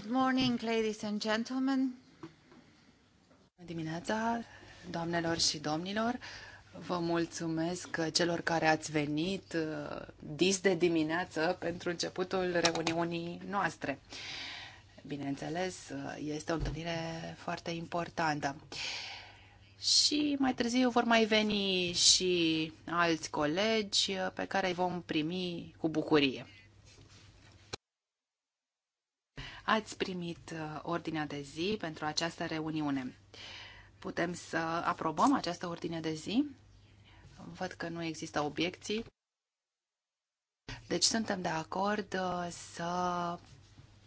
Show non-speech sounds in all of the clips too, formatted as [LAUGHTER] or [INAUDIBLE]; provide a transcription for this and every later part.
Good morning, ladies and gentlemen. Dimineața, doamnelor și domnilor, vă mulțumesc celor care ați venit uh, dis de dimineață pentru începutul reuniunii noastre. Bineînțeles, uh, este o întâlnire foarte importantă. Și mai târziu vor mai veni și alți colegi uh, pe care îi vom primi cu bucurie. Ați primit uh, ordinea de zi pentru această reuniune. Putem să aprobăm această ordine de zi? Văd că nu există obiecții. Deci suntem de acord uh, să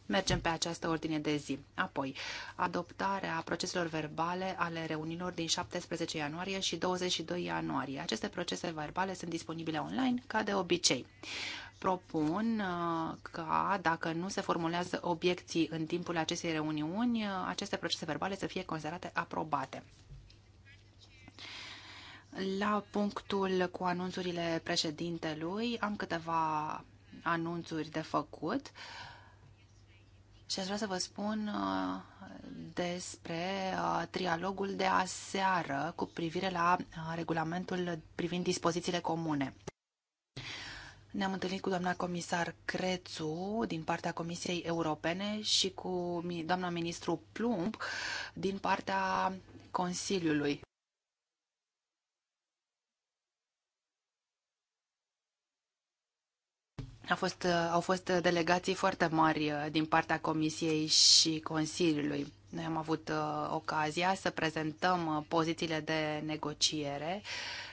mergem pe această ordine de zi. Apoi, adoptarea proceselor verbale ale reunilor din 17 ianuarie și 22 ianuarie. Aceste procese verbale sunt disponibile online, ca de obicei propun uh, ca, dacă nu se formulează obiecții în timpul acestei reuniuni, uh, aceste procese verbale să fie considerate aprobate. La punctul cu anunțurile președintelui am câteva anunțuri de făcut și aș vrea să vă spun uh, despre trialogul de aseară cu privire la regulamentul privind dispozițiile comune. Ne-am întâlnit cu doamna comisar Crețu din partea Comisiei Europene și cu doamna ministru Plumb din partea Consiliului. A fost, uh, au fost uh, delegații foarte mari uh, din partea Comisiei și Consiliului. Noi am avut ocazia să prezentăm pozițiile de negociere,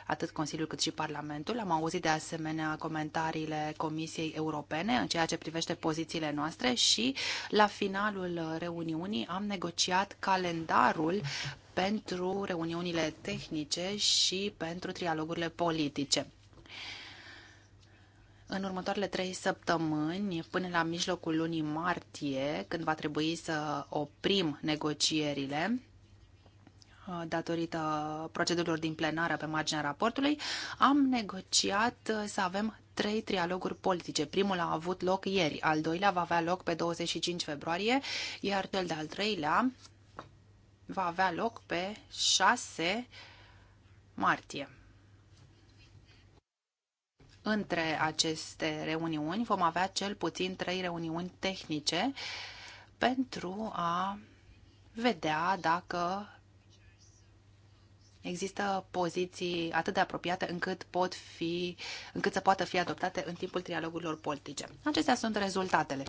atât Consiliul cât și Parlamentul. Am auzit de asemenea comentariile Comisiei Europene în ceea ce privește pozițiile noastre și la finalul reuniunii am negociat calendarul pentru reuniunile tehnice și pentru trialogurile politice. În următoarele trei săptămâni, până la mijlocul lunii martie, când va trebui să oprim negocierile, uh, datorită procedurilor din plenară pe marginea raportului, am negociat uh, să avem trei trialoguri politice. Primul a avut loc ieri, al doilea va avea loc pe 25 februarie, iar cel de-al treilea va avea loc pe 6 martie între aceste reuniuni. Vom avea cel puțin trei reuniuni tehnice pentru a vedea dacă există poziții atât de apropiate încât, pot fi, încât să poată fi adoptate în timpul trialogurilor politice. Acestea sunt rezultatele.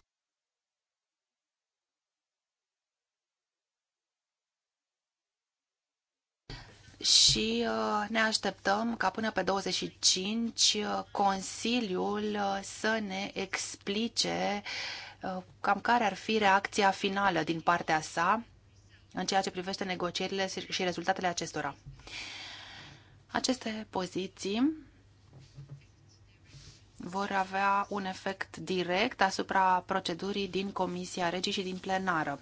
și uh, ne așteptăm ca până pe 25 uh, Consiliul uh, să ne explice cam care ar fi reacția finală din partea sa în ceea ce privește negocierile și rezultatele acestora. Aceste poziții vor avea un efect direct asupra procedurii din Comisia Regii și din plenară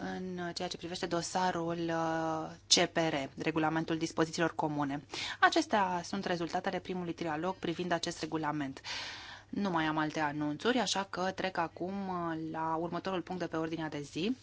în ceea ce privește dosarul uh, CPR, Regulamentul Dispozițiilor Comune. Acestea sunt rezultatele primului trialog privind acest regulament. Nu mai am alte anunțuri, așa că trec acum uh, la următorul punct de pe ordinea de zi.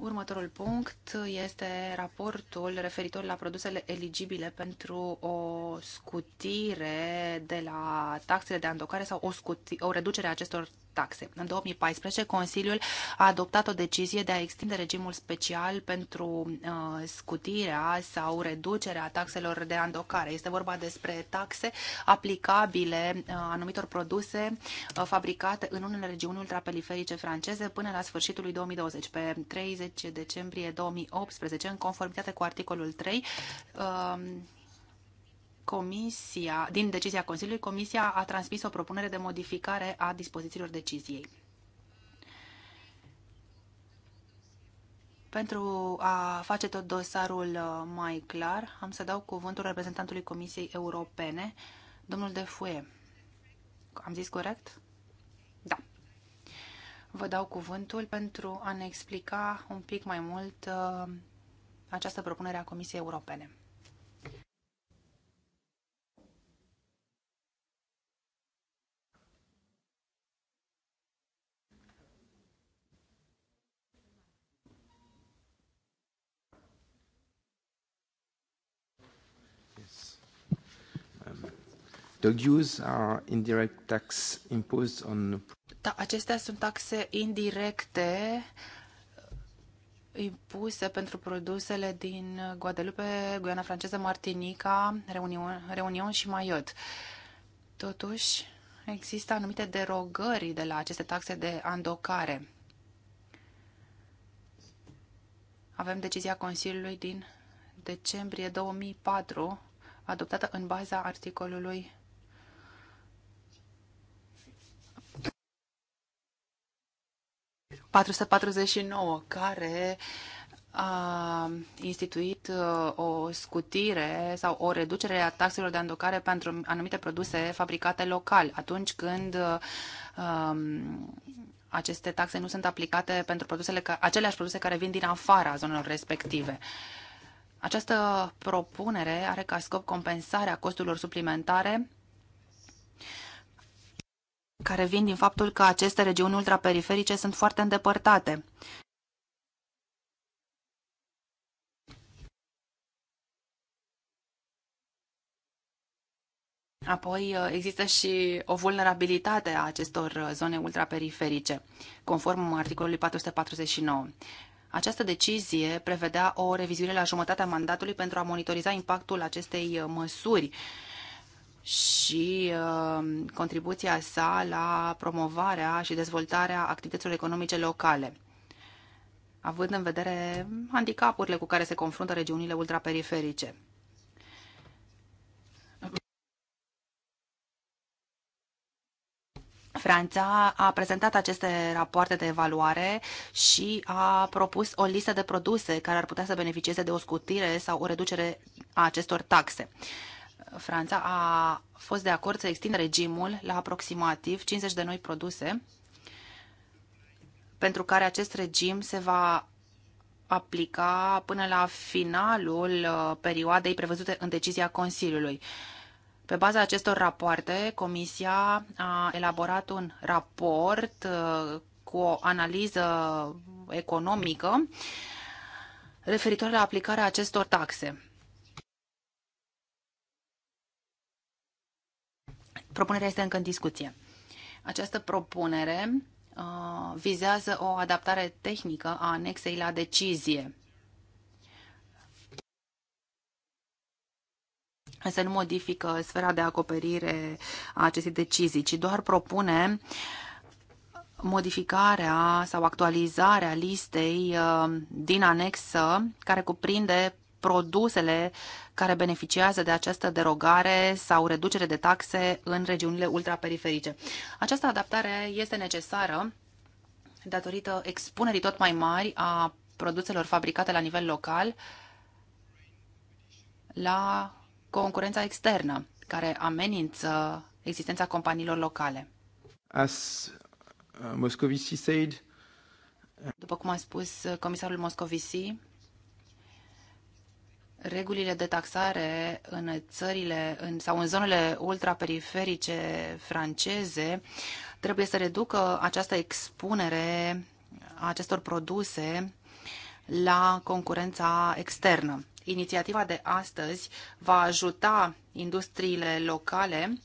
Următorul punct este raportul referitor la produsele eligibile pentru o scutire de la taxele de andocare sau o, scuti- o reducere a acestor taxe. În 2014, Consiliul a adoptat o decizie de a extinde regimul special pentru uh, scutirea sau reducerea taxelor de andocare. Este vorba despre taxe aplicabile uh, anumitor produse uh, fabricate în unele regiuni ultraperiferice franceze până la sfârșitul lui 2020. Pe 30 10 decembrie 2018, în conformitate cu articolul 3, um, Comisia, din decizia Consiliului, Comisia a transmis o propunere de modificare a dispozițiilor deciziei. Pentru a face tot dosarul uh, mai clar, am să dau cuvântul reprezentantului Comisiei Europene, domnul De Fue. Am zis corect? vă dau cuvântul pentru a ne explica un pic mai mult uh, această propunere a Comisiei Europene. The dues um, are indirect tax imposed on da, acestea sunt taxe indirecte impuse pentru produsele din Guadeloupe, Guiana franceză, Martinica, Reunion, Reunion și Maiot. Totuși, există anumite derogări de la aceste taxe de andocare. Avem decizia Consiliului din decembrie 2004, adoptată în baza articolului 449, care a instituit uh, o scutire sau o reducere a taxelor de andocare pentru anumite produse fabricate local, atunci când uh, um, aceste taxe nu sunt aplicate pentru produsele ca, aceleași produse care vin din afara zonelor respective. Această propunere are ca scop compensarea costurilor suplimentare care vin din faptul că aceste regiuni ultraperiferice sunt foarte îndepărtate. Apoi uh, există și o vulnerabilitate a acestor uh, zone ultraperiferice, conform articolului 449. Această decizie prevedea o revizuire la jumătatea mandatului pentru a monitoriza impactul acestei uh, măsuri și uh, contribuția sa la promovarea și dezvoltarea activităților economice locale, având în vedere handicapurile cu care se confruntă regiunile ultraperiferice. Franța a prezentat aceste rapoarte de evaluare și a propus o listă de produse care ar putea să beneficieze de o scutire sau o reducere a acestor taxe. Franța a fost de acord să extindă regimul la aproximativ 50 de noi produse pentru care acest regim se va aplica până la finalul uh, perioadei prevăzute în decizia Consiliului. Pe baza acestor rapoarte, Comisia a elaborat un raport uh, cu o analiză economică referitor la aplicarea acestor taxe. Propunerea este încă în discuție. Această propunere uh, vizează o adaptare tehnică a anexei la decizie. Însă nu modifică sfera de acoperire a acestei decizii, ci doar propune modificarea sau actualizarea listei uh, din anexă care cuprinde produsele care beneficiază de această derogare sau reducere de taxe în regiunile ultraperiferice. Această adaptare este necesară datorită expunerii tot mai mari a produselor fabricate la nivel local la concurența externă care amenință existența companiilor locale. As uh, Moscovici said, după cum a spus uh, comisarul Moscovici, regulile de taxare în țările în, sau în zonele ultraperiferice franceze trebuie să reducă această expunere a acestor produse la concurența externă. Inițiativa de astăzi va ajuta industriile locale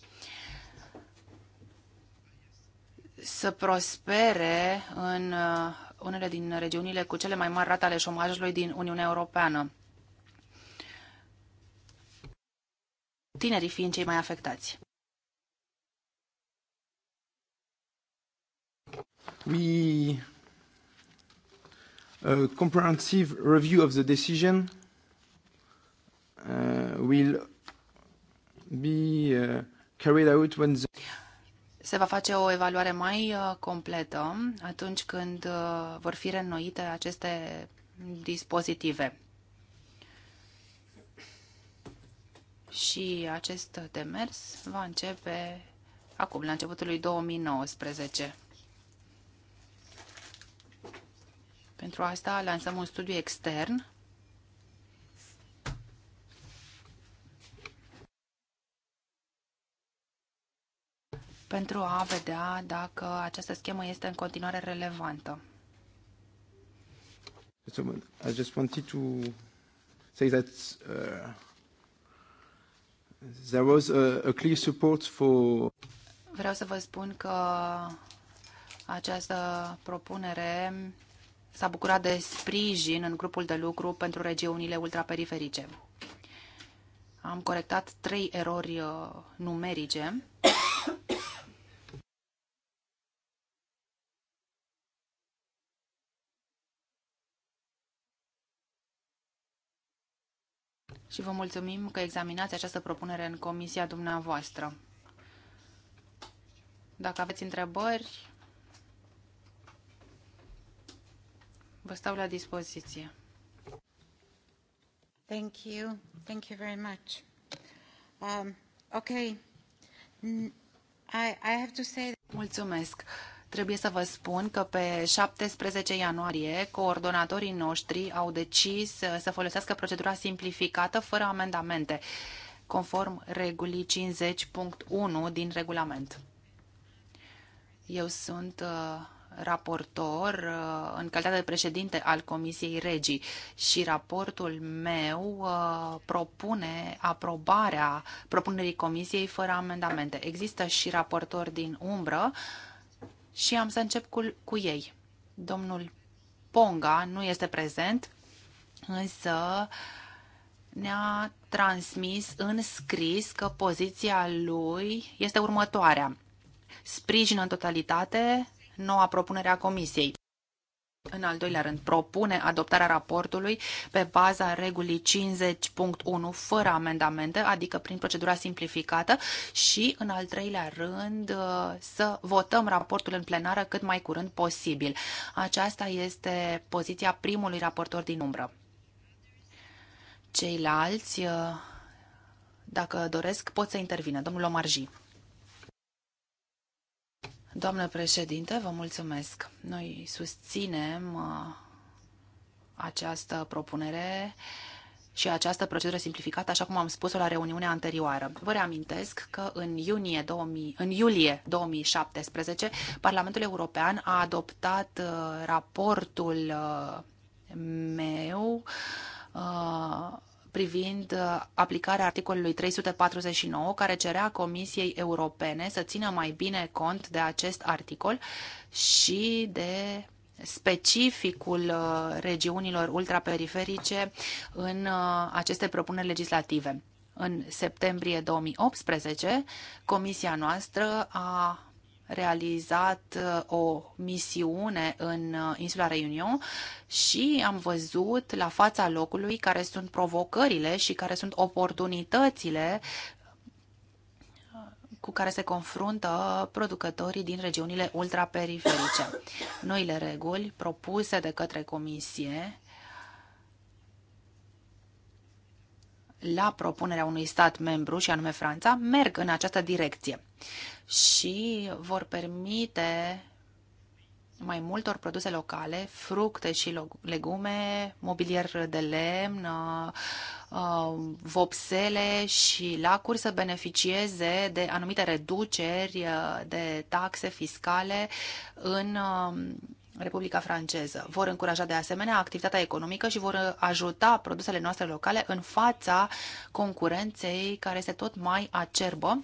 să prospere în uh, unele din regiunile cu cele mai mari rate ale șomajului din Uniunea Europeană. tinerii fiind cei mai afectați. We a uh, comprehensive review of the decision uh, will be uh, carried out when the se va face o evaluare mai uh, completă atunci când uh, vor fi reînnoite aceste dispozitive. și acest demers va începe acum, la începutul lui 2019. Pentru asta lansăm un studiu extern pentru a vedea dacă această schemă este în continuare relevantă. I just wanted to say that uh, there was a, a clear support for... Vreau să vă spun că această propunere s-a bucurat de sprijin în grupul de lucru pentru regiunile ultraperiferice. Am corectat trei erori uh, numerice și vă mulțumim că examinați această propunere în comisia dumneavoastră. Dacă aveți întrebări, vă stau la dispoziție. Thank you. Thank you very much. Um, okay. I, I have to say... Mulțumesc. Trebuie să vă spun că pe 17 ianuarie coordonatorii noștri au decis uh, să folosească procedura simplificată fără amendamente, conform regulii 50.1 din regulament. Eu sunt uh, raportor uh, în calitate de președinte al Comisiei Regii și raportul meu propune aprobarea propunerii Comisiei fără amendamente. Există și raportori din umbră și am să încep cu, cu ei. Domnul Ponga nu este prezent, însă ne-a transmis în scris că poziția lui este următoarea. Sprijină în totalitate noua propunere a Comisiei. În al doilea rând, propune adoptarea raportului pe baza regulii 50.1 fără amendamente, adică prin procedura simplificată și, în al treilea rând, uh, să votăm raportul în plenară cât mai curând posibil. Aceasta este poziția primului raportor din umbră. Ceilalți, uh, dacă doresc, pot să intervină. Domnul Omarji. Doamnă președinte, vă mulțumesc. Noi susținem uh, această propunere și această procedură simplificată, așa cum am spus-o la reuniunea anterioară. Vă reamintesc că în, iunie 2000, în iulie 2017 Parlamentul European a adoptat uh, raportul uh, meu privind uh, aplicarea articolului 349, care cerea Comisiei Europene să țină mai bine cont de acest articol și de specificul uh, regiunilor ultraperiferice în uh, aceste propuneri legislative. În septembrie 2018, Comisia noastră a realizat uh, o misiune în uh, insula Reunion și am văzut la fața locului care sunt provocările și care sunt oportunitățile uh, cu care se confruntă producătorii din regiunile ultraperiferice. Noile reguli propuse de către Comisie la propunerea unui stat membru, și anume Franța, merg în această direcție și vor permite mai multor produse locale, fructe și legume, mobilier de lemn, uh, uh, vopsele și lacuri să beneficieze de anumite reduceri uh, de taxe fiscale în Republica Franceză. Vor încuraja de asemenea activitatea economică și vor ajuta produsele noastre locale în fața concurenței care este tot mai acerbă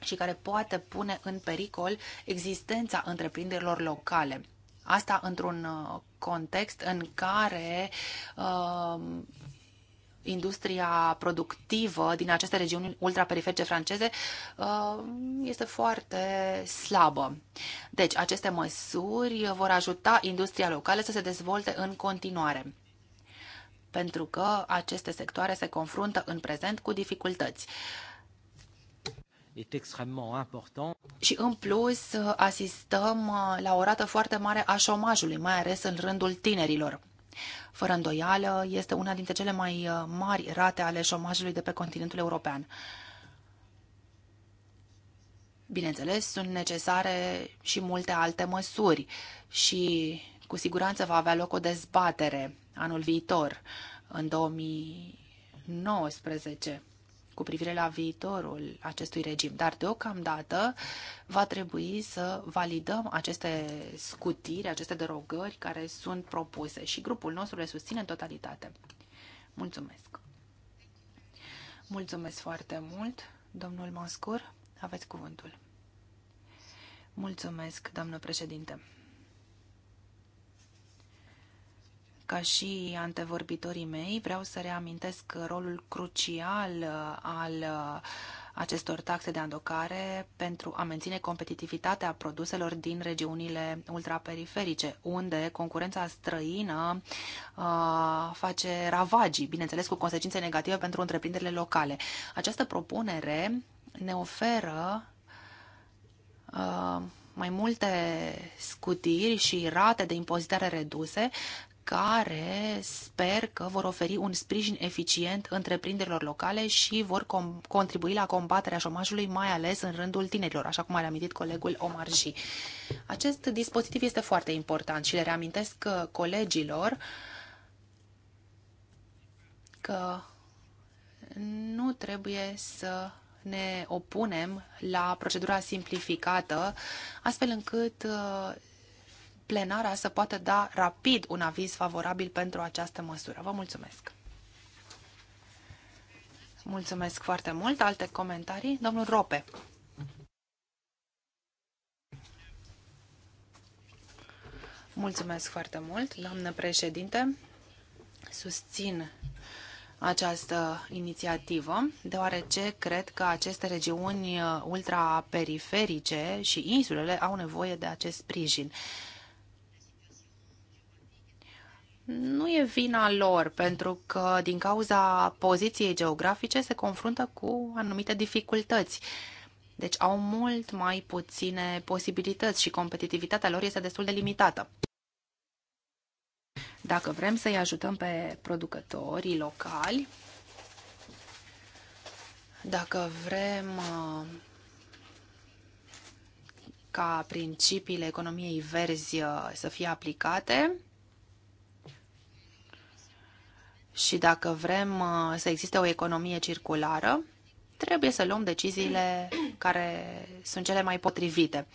și care poate pune în pericol existența întreprinderilor locale. Asta într-un uh, context în care uh, industria productivă din aceste regiuni ultraperiferice franceze uh, este foarte slabă. Deci, aceste măsuri vor ajuta industria locală să se dezvolte în continuare pentru că aceste sectoare se confruntă în prezent cu dificultăți. Și în plus asistăm la o rată foarte mare a șomajului, mai ales în rândul tinerilor. Fără îndoială, este una dintre cele mai uh, mari rate ale șomajului de pe continentul european. Bineînțeles, sunt necesare și multe alte măsuri și cu siguranță va avea loc o dezbatere anul viitor, în 2019 cu privire la viitorul acestui regim, dar deocamdată va trebui să validăm aceste scutiri, aceste derogări care sunt propuse și grupul nostru le susține în totalitate. Mulțumesc! Mulțumesc foarte mult, domnul Mascur, aveți cuvântul. Mulțumesc, doamnă președinte. ca și antevorbitorii mei, vreau să reamintesc rolul crucial uh, al uh, acestor taxe de andocare pentru a menține competitivitatea produselor din regiunile ultraperiferice, unde concurența străină uh, face ravagii, bineînțeles cu consecințe negative pentru întreprinderile locale. Această propunere ne oferă uh, mai multe scutiri și rate de impozitare reduse care sper că vor oferi un sprijin eficient întreprinderilor locale și vor contribui la combaterea șomajului, mai ales în rândul tinerilor, așa cum a reamintit colegul Omar J. Acest dispozitiv este foarte important și le reamintesc uh, colegilor că nu trebuie să ne opunem la procedura simplificată, astfel încât uh, plenara să poată da rapid un aviz favorabil pentru această măsură. Vă mulțumesc! Mulțumesc foarte mult. Alte comentarii? Domnul Rope. Mulțumesc foarte mult, doamnă președinte. Susțin această inițiativă, deoarece cred că aceste regiuni uh, ultraperiferice și insulele au nevoie de acest sprijin nu e vina lor, pentru că din cauza poziției geografice se confruntă cu anumite dificultăți. Deci au mult mai puține posibilități și competitivitatea lor este destul de limitată. Dacă vrem să-i ajutăm pe producătorii locali, dacă vrem uh, ca principiile economiei verzi uh, să fie aplicate, și dacă vrem uh, să existe o economie circulară, trebuie să luăm deciziile care sunt cele mai potrivite.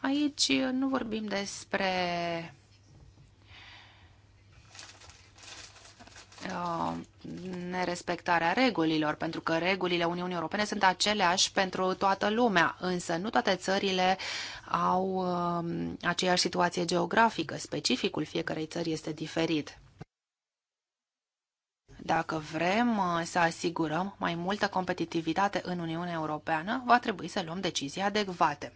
Aici nu vorbim despre uh, nerespectarea regulilor, pentru că regulile Uniunii Europene sunt aceleași pentru toată lumea, însă nu toate țările au uh, aceeași situație geografică. Specificul fiecarei țări este diferit. Dacă vrem uh, să asigurăm mai multă competitivitate în Uniunea Europeană, va trebui să luăm decizii adecvate.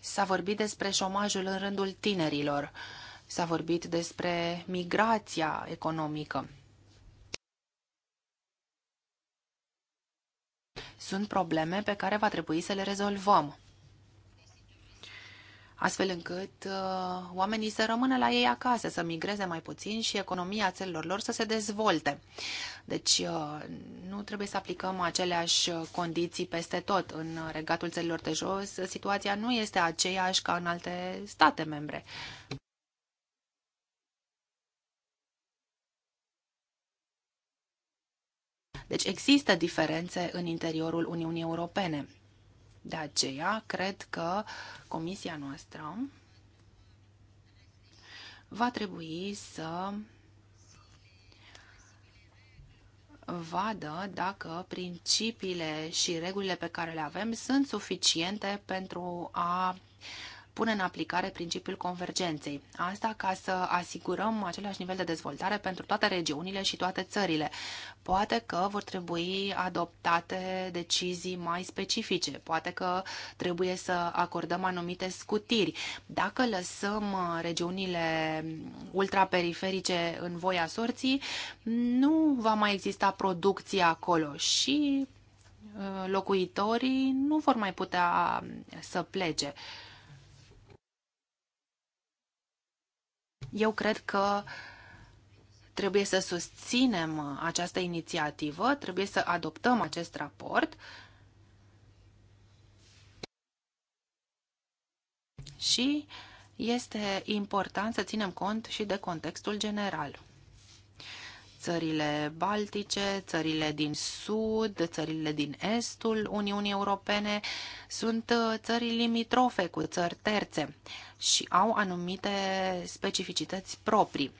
S-a vorbit despre șomajul în rândul tinerilor, s-a vorbit despre migrația economică. Sunt probleme pe care va trebui să le rezolvăm astfel încât uh, oamenii să rămână la ei acasă, să migreze mai puțin și economia țărilor lor să se dezvolte. Deci uh, nu trebuie să aplicăm aceleași condiții peste tot. În regatul țărilor de jos, situația nu este aceeași ca în alte state membre. Deci există diferențe în interiorul Uniunii Europene. De aceea, cred că comisia noastră va trebui să vadă dacă principiile și regulile pe care le avem sunt suficiente pentru a pune în aplicare principiul convergenței. Asta ca să asigurăm același nivel de dezvoltare pentru toate regiunile și toate țările. Poate că vor trebui adoptate decizii mai specifice, poate că trebuie să acordăm anumite scutiri. Dacă lăsăm regiunile ultraperiferice în voia sorții, nu va mai exista producție acolo și uh, locuitorii nu vor mai putea să plece. Eu cred că trebuie să susținem această inițiativă, trebuie să adoptăm acest raport și este important să ținem cont și de contextul general țările baltice, țările din sud, țările din estul Uniunii Europene sunt uh, țări limitrofe cu țări terțe și au anumite specificități proprii.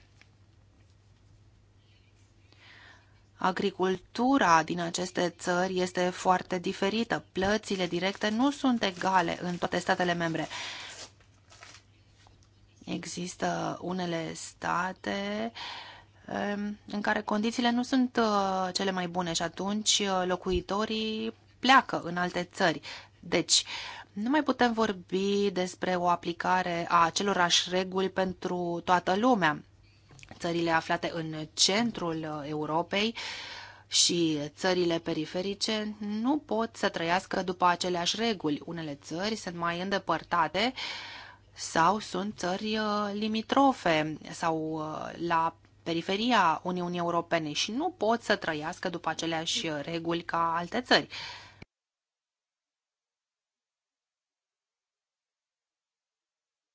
Agricultura din aceste țări este foarte diferită. Plățile directe nu sunt egale în toate statele membre. Există unele state uh, Um, în care condițiile nu sunt uh, cele mai bune și atunci uh, locuitorii pleacă în alte țări. Deci, nu mai putem vorbi despre o aplicare a acelorași reguli pentru toată lumea. Țările aflate în centrul uh, Europei și țările periferice nu pot să trăiască după aceleași reguli. Unele țări sunt mai îndepărtate sau sunt țări limitrofe sau la periferia Uniunii Europene și nu pot să trăiască după aceleași uh, reguli ca alte țări.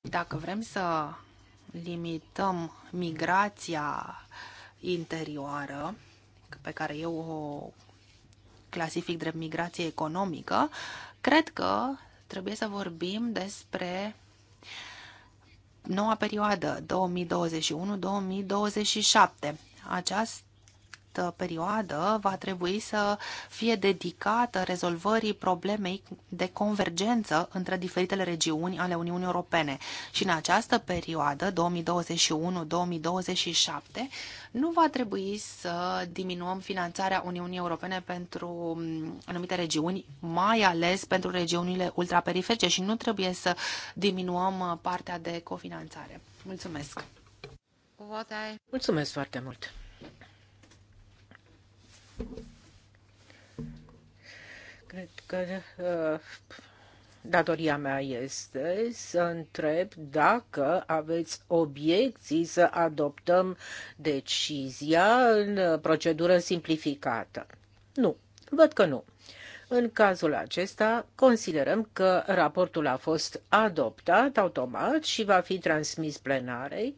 Dacă vrem să limităm migrația interioară, pe care eu o clasific drept migrație economică, cred că trebuie să vorbim despre noua perioadă 2021-2027. Această perioadă va trebui să fie dedicată rezolvării problemei de convergență între diferitele regiuni ale Uniunii Europene. Și în această perioadă, 2021-2027, nu va trebui să diminuăm finanțarea Uniunii Europene pentru mm, anumite regiuni, mai ales pentru regiunile ultraperiferice și nu trebuie să diminuăm uh, partea de cofinanțare. Mulțumesc! Mulțumesc foarte mult! Cred că uh, datoria mea este să întreb dacă aveți obiecții să adoptăm decizia în procedură simplificată. Nu, văd că nu. În cazul acesta, considerăm că raportul a fost adoptat automat și va fi transmis plenarei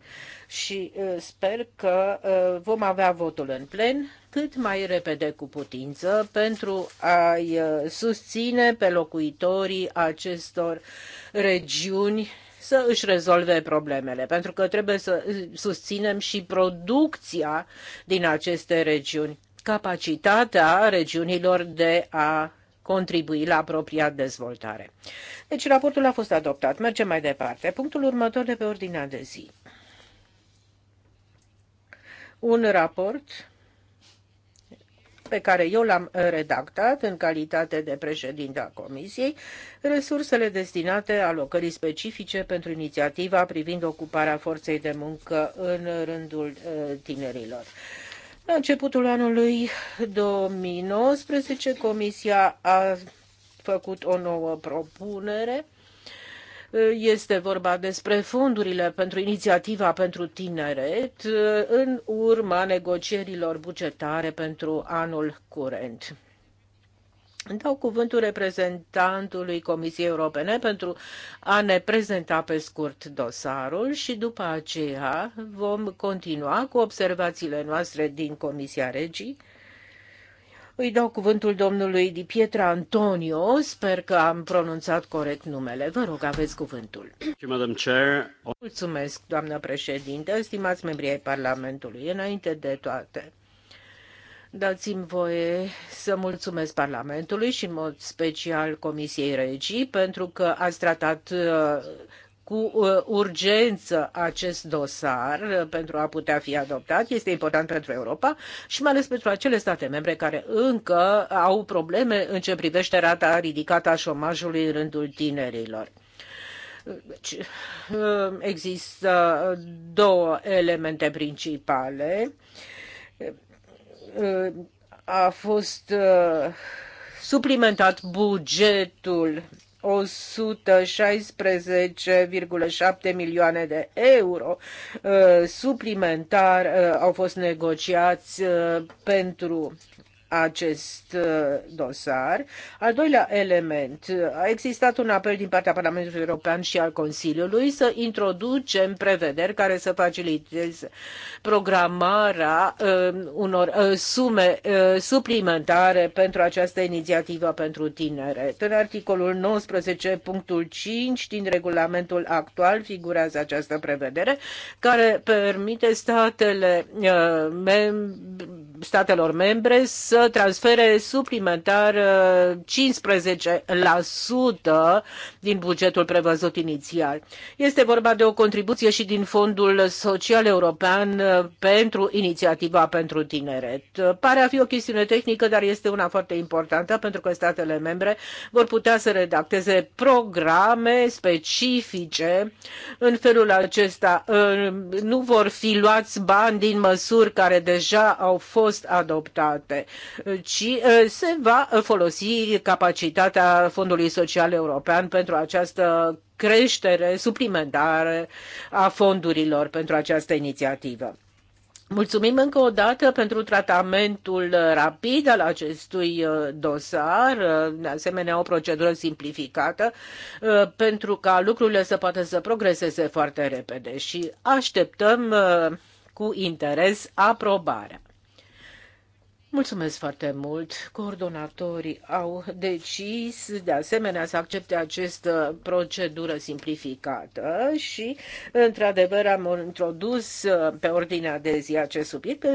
și uh, sper că uh, vom avea votul în plen cât mai repede cu putință pentru a-i uh, susține pe locuitorii acestor regiuni să își rezolve problemele, pentru că trebuie să uh, susținem și producția din aceste regiuni, capacitatea regiunilor de a contribui la propria dezvoltare. Deci raportul a fost adoptat. Mergem mai departe. Punctul următor de pe ordinea de zi. Un raport pe care eu l-am redactat în calitate de președinte a Comisiei, resursele destinate alocării specifice pentru inițiativa privind ocuparea forței de muncă în rândul uh, tinerilor. La începutul anului 2019, Comisia a făcut o nouă propunere este vorba despre fondurile pentru inițiativa pentru tineret în urma negocierilor bugetare pentru anul curent. Dau cuvântul reprezentantului Comisiei Europene pentru a ne prezenta pe scurt dosarul și după aceea vom continua cu observațiile noastre din Comisia Regii îi dau cuvântul domnului Di Pietra Antonio. Sper că am pronunțat corect numele. Vă rog, aveți cuvântul. Mulțumesc, doamnă președinte, stimați membri ai Parlamentului. Înainte de toate, Dați-mi voie să mulțumesc Parlamentului și în mod special Comisiei Regii pentru că ați tratat uh, cu uh, urgență acest dosar uh, pentru a putea fi adoptat. Este important pentru Europa și mai ales pentru acele state membre care încă au probleme în ce privește rata ridicată a șomajului în rândul tinerilor. Deci, uh, există două elemente principale. A fost suplimentat bugetul 116,7 milioane de euro uh, suplimentar uh, au fost negociați uh, pentru acest uh, dosar. Al doilea element, a existat un apel din partea Parlamentului European și al Consiliului să introducem prevederi care să faciliteze programarea uh, unor uh, sume uh, suplimentare pentru această inițiativă pentru tinere. În articolul 19.5 din regulamentul actual figurează această prevedere care permite statele uh, membre statelor membre să transfere suplimentar 15% uh, din bugetul prevăzut inițial. Este vorba de o contribuție și din Fondul Social European uh, pentru Inițiativa pentru Tineret. Uh, pare a fi o chestiune tehnică, dar este una foarte importantă pentru că statele membre vor putea să redacteze programe specifice. În felul acesta nu vor fi luați bani din măsuri care deja au fost fost adoptate, ci ă, se va folosi capacitatea Fondului Social European pentru această creștere suplimentară a fondurilor pentru această inițiativă. Mulțumim încă o dată pentru tratamentul rapid al acestui ă, dosar, ă, de asemenea o procedură simplificată, pentru ca lucrurile să poată să progreseze foarte repede și așteptăm cu interes aprobarea. Mulțumesc foarte mult. Coordonatorii au decis de asemenea să accepte această procedură simplificată și, într-adevăr, am introdus uh, pe ordinea de zi acest subiect.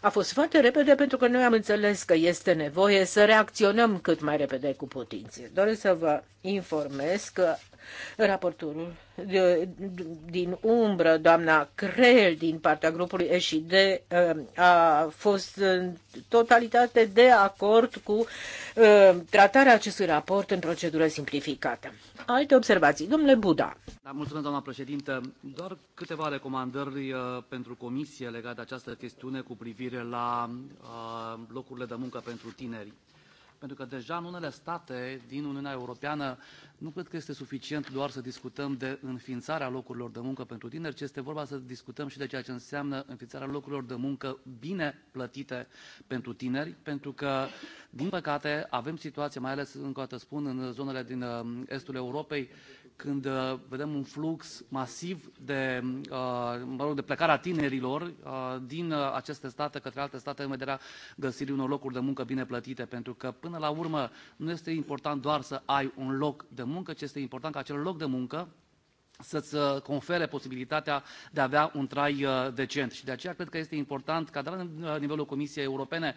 A fost foarte repede pentru că noi am înțeles că este nevoie să reacționăm cât mai repede cu putință. Doresc să vă informez că Raportorul din umbră, doamna Crel, din partea grupului SID, um, a fost în totalitate de acord cu um, tratarea acestui raport în procedură simplificată. Alte observații. Domnule Buda. Da, mulțumesc, doamna președintă. Doar câteva recomandări uh, pentru comisie legate de această chestiune cu privire la uh, locurile de muncă pentru tineri pentru că deja în unele state din Uniunea Europeană nu cred că este suficient doar să discutăm de înființarea locurilor de muncă pentru tineri, ci este vorba să discutăm și de ceea ce înseamnă înființarea locurilor de muncă bine plătite pentru tineri, pentru că, din păcate, avem situație, mai ales, încă o dată spun, în zonele din uh, estul Europei, când uh, vedem un flux masiv de, uh, mă rog, de plecarea tinerilor uh, din aceste state către alte state în vederea găsirii unor locuri de muncă bine plătite. Pentru că, până la urmă, nu este important doar să ai un loc de muncă, ci este important ca acel loc de muncă să-ți uh, confere posibilitatea de a avea un trai uh, decent. Și de aceea cred că este important ca de la uh, nivelul Comisiei Europene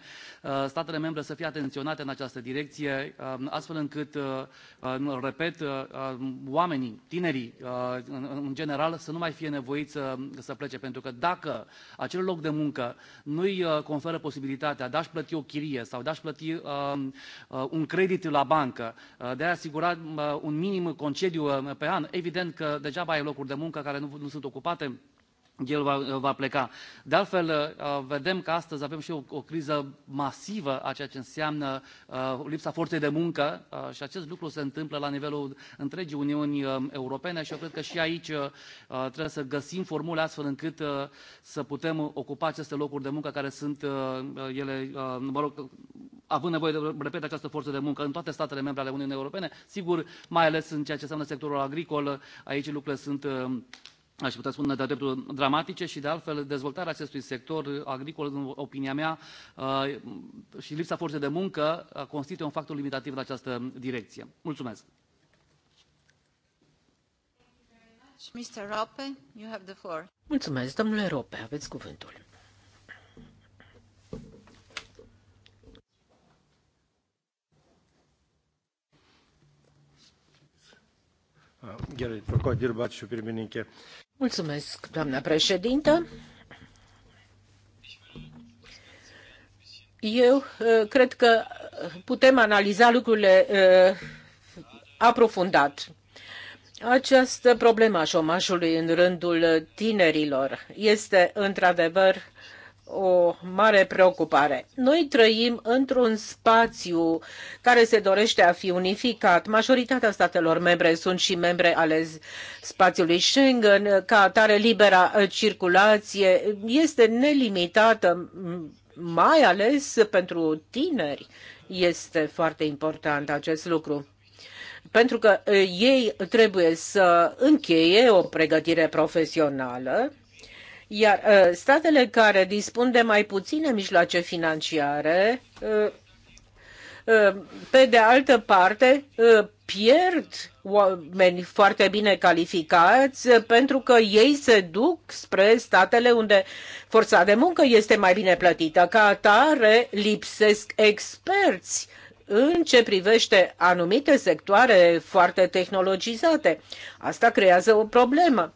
statele membre să fie atenționate în această direcție, um, astfel încât, um, repet, um, oamenii, tinerii, în general, să nu mai fie nevoiți să, să plece. Pentru că dacă acel loc de muncă nu îi conferă posibilitatea de a-și plăti o chirie sau de a-și plăti un credit la bancă, de a asigura un minim concediu pe an, evident că deja degeaba ai locuri de muncă care nu, nu sunt ocupate el va, va pleca. De altfel, uh, vedem că astăzi avem și o, o criză masivă a ceea ce înseamnă uh, lipsa forței de muncă uh, și acest lucru se întâmplă la nivelul întregii Uniuni uh, Europene și eu cred că și aici uh, trebuie să găsim formule astfel încât uh, să putem ocupa aceste locuri de muncă care sunt ele, mă rog, având nevoie, de, repet, această forță de muncă în toate statele membre ale Uniunii Europene, sigur, mai ales în ceea ce înseamnă sectorul agricol, aici lucrurile sunt aș putea spune de-a dreptul dramatice și, de altfel, dezvoltarea acestui sector agricol, în opinia mea, uh, și lipsa forței de muncă uh, constituie un factor limitativ în această direcție. Mulțumesc! Mr. Rope, you have the floor. Mulțumesc, domnule Rope, aveți cuvântul. Uh, Gerai, tvarkoj, dirba, ačiū pirmininkė. Mulțumesc, doamna președintă. Eu uh, cred că putem analiza lucrurile uh, aprofundat. Această problemă a șomajului în rândul tinerilor este într-adevăr o mare preocupare. Noi trăim într-un spațiu care se dorește a fi unificat. Majoritatea statelor membre sunt și membre ale spațiului Schengen. Ca atare, libera uh, circulație este nelimitată, mai ales pentru tineri. Este foarte important acest lucru pentru că uh, ei trebuie să încheie o pregătire profesională iar uh, statele care dispun de mai puține mijloace financiare, uh, uh, pe de altă parte, pierd oameni foarte bine calificați pentru că ei se duc spre statele unde forța de muncă este mai bine plătită. Ca atare, lipsesc experți în ce privește anumite sectoare foarte tehnologizate. Asta creează o problemă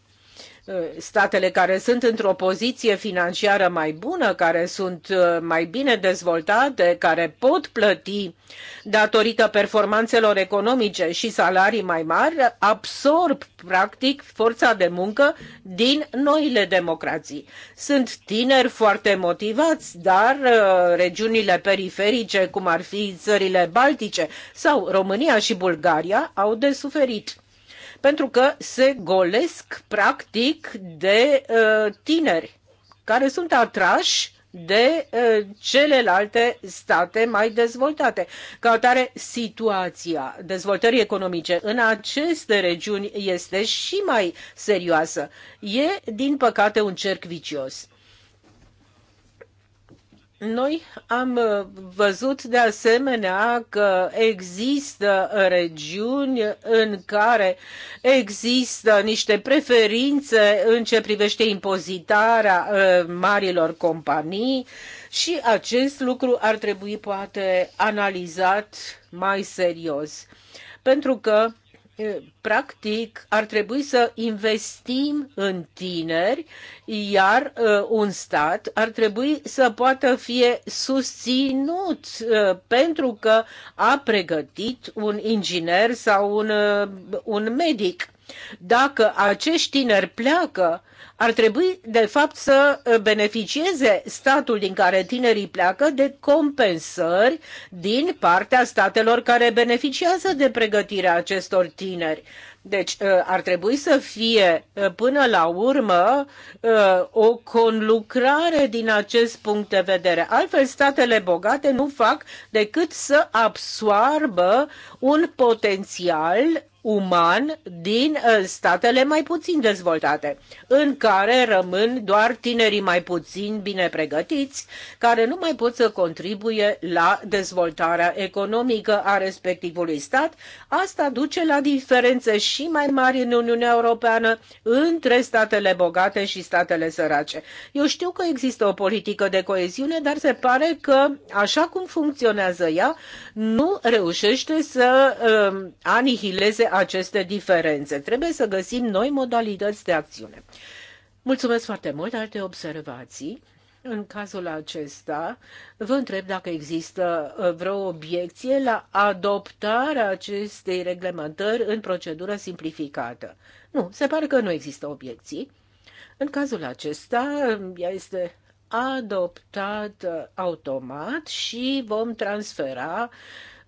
statele care sunt într-o poziție financiară mai bună, care sunt uh, mai bine dezvoltate, care pot plăti datorită performanțelor economice și salarii mai mari, absorb practic forța de muncă din noile democrații. Sunt tineri foarte motivați, dar uh, regiunile periferice, cum ar fi țările baltice sau România și Bulgaria, au de suferit pentru că se golesc practic de uh, tineri care sunt atrași de uh, celelalte state mai dezvoltate. Ca atare, situația dezvoltării economice în aceste regiuni este și mai serioasă. E, din păcate, un cerc vicios. Noi am uh, văzut de asemenea că există regiuni în care există niște preferințe în ce privește impozitarea uh, marilor companii și acest lucru ar trebui poate analizat mai serios. Pentru că practic ar trebui să investim în tineri, iar un stat ar trebui să poată fi susținut pentru că a pregătit un inginer sau un, un medic. Dacă acești tineri pleacă, ar trebui, de fapt, să uh, beneficieze statul din care tinerii pleacă de compensări din partea statelor care beneficiază de pregătirea acestor tineri. Deci uh, ar trebui să fie uh, până la urmă o conlucrare din acest punct de vedere. Altfel, statele bogate nu fac decât să absoarbă un potențial uman din uh, statele mai puțin dezvoltate, în care rămân doar tinerii mai puțin bine pregătiți, care nu mai pot să contribuie la dezvoltarea economică a respectivului stat. Asta duce la diferențe și mai mari în Uniunea Europeană între statele bogate și statele sărace. Eu știu că există o politică de coeziune, dar se pare că, așa cum funcționează ea, nu reușește să uh, anihileze aceste diferențe. Trebuie să găsim noi modalități de acțiune. Mulțumesc foarte mult. Alte observații? În cazul acesta, vă întreb dacă există uh, vreo obiecție la adoptarea acestei reglementări în procedură simplificată. Nu, se pare că nu există obiecții. În cazul acesta, um, ea este adoptată automat și vom transfera uh,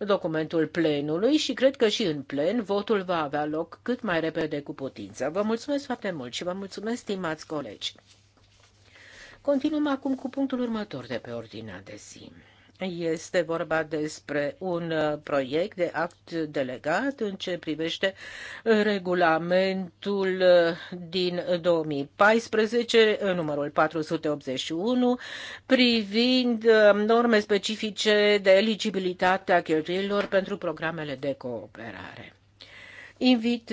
documentul plenului și cred că și în plen votul va avea loc cât mai repede cu putință. Vă mulțumesc foarte mult și vă mulțumesc, stimați colegi. Continuăm acum cu punctul următor de pe ordinea de zi. Este vorba despre un uh, proiect de act delegat în ce privește uh, regulamentul uh, din 2014, numărul 481, privind norme specifice de eligibilitate a cheltuielilor pentru programele de cooperare. Invit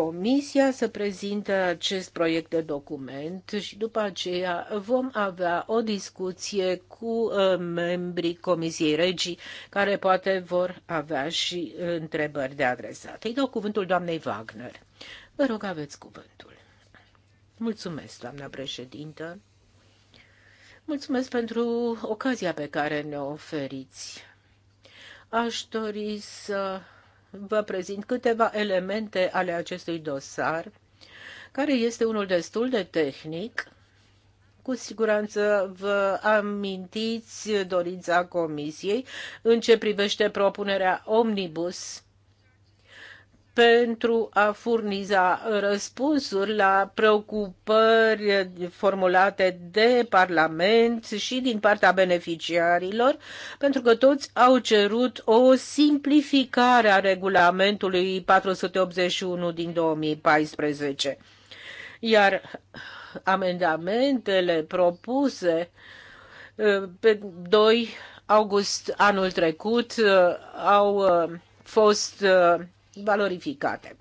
Comisia să prezinte acest proiect de document și după aceea vom avea o discuție cu uh, membrii Comisiei Regii care poate vor avea și uh, întrebări de adresat. Îi dau cuvântul doamnei Wagner. Vă rog, aveți cuvântul. Mulțumesc, doamna președintă. Mulțumesc pentru ocazia pe care ne oferiți. Aș dori să vă prezint câteva elemente ale acestui dosar, care este unul destul de tehnic. Cu siguranță vă amintiți dorința Comisiei în ce privește propunerea Omnibus pentru a furniza răspunsuri la preocupări formulate de Parlament și din partea beneficiarilor, pentru că toți au cerut o simplificare a regulamentului 481 din 2014. Iar amendamentele propuse uh, pe 2 august anul trecut uh, au uh, fost valorificate.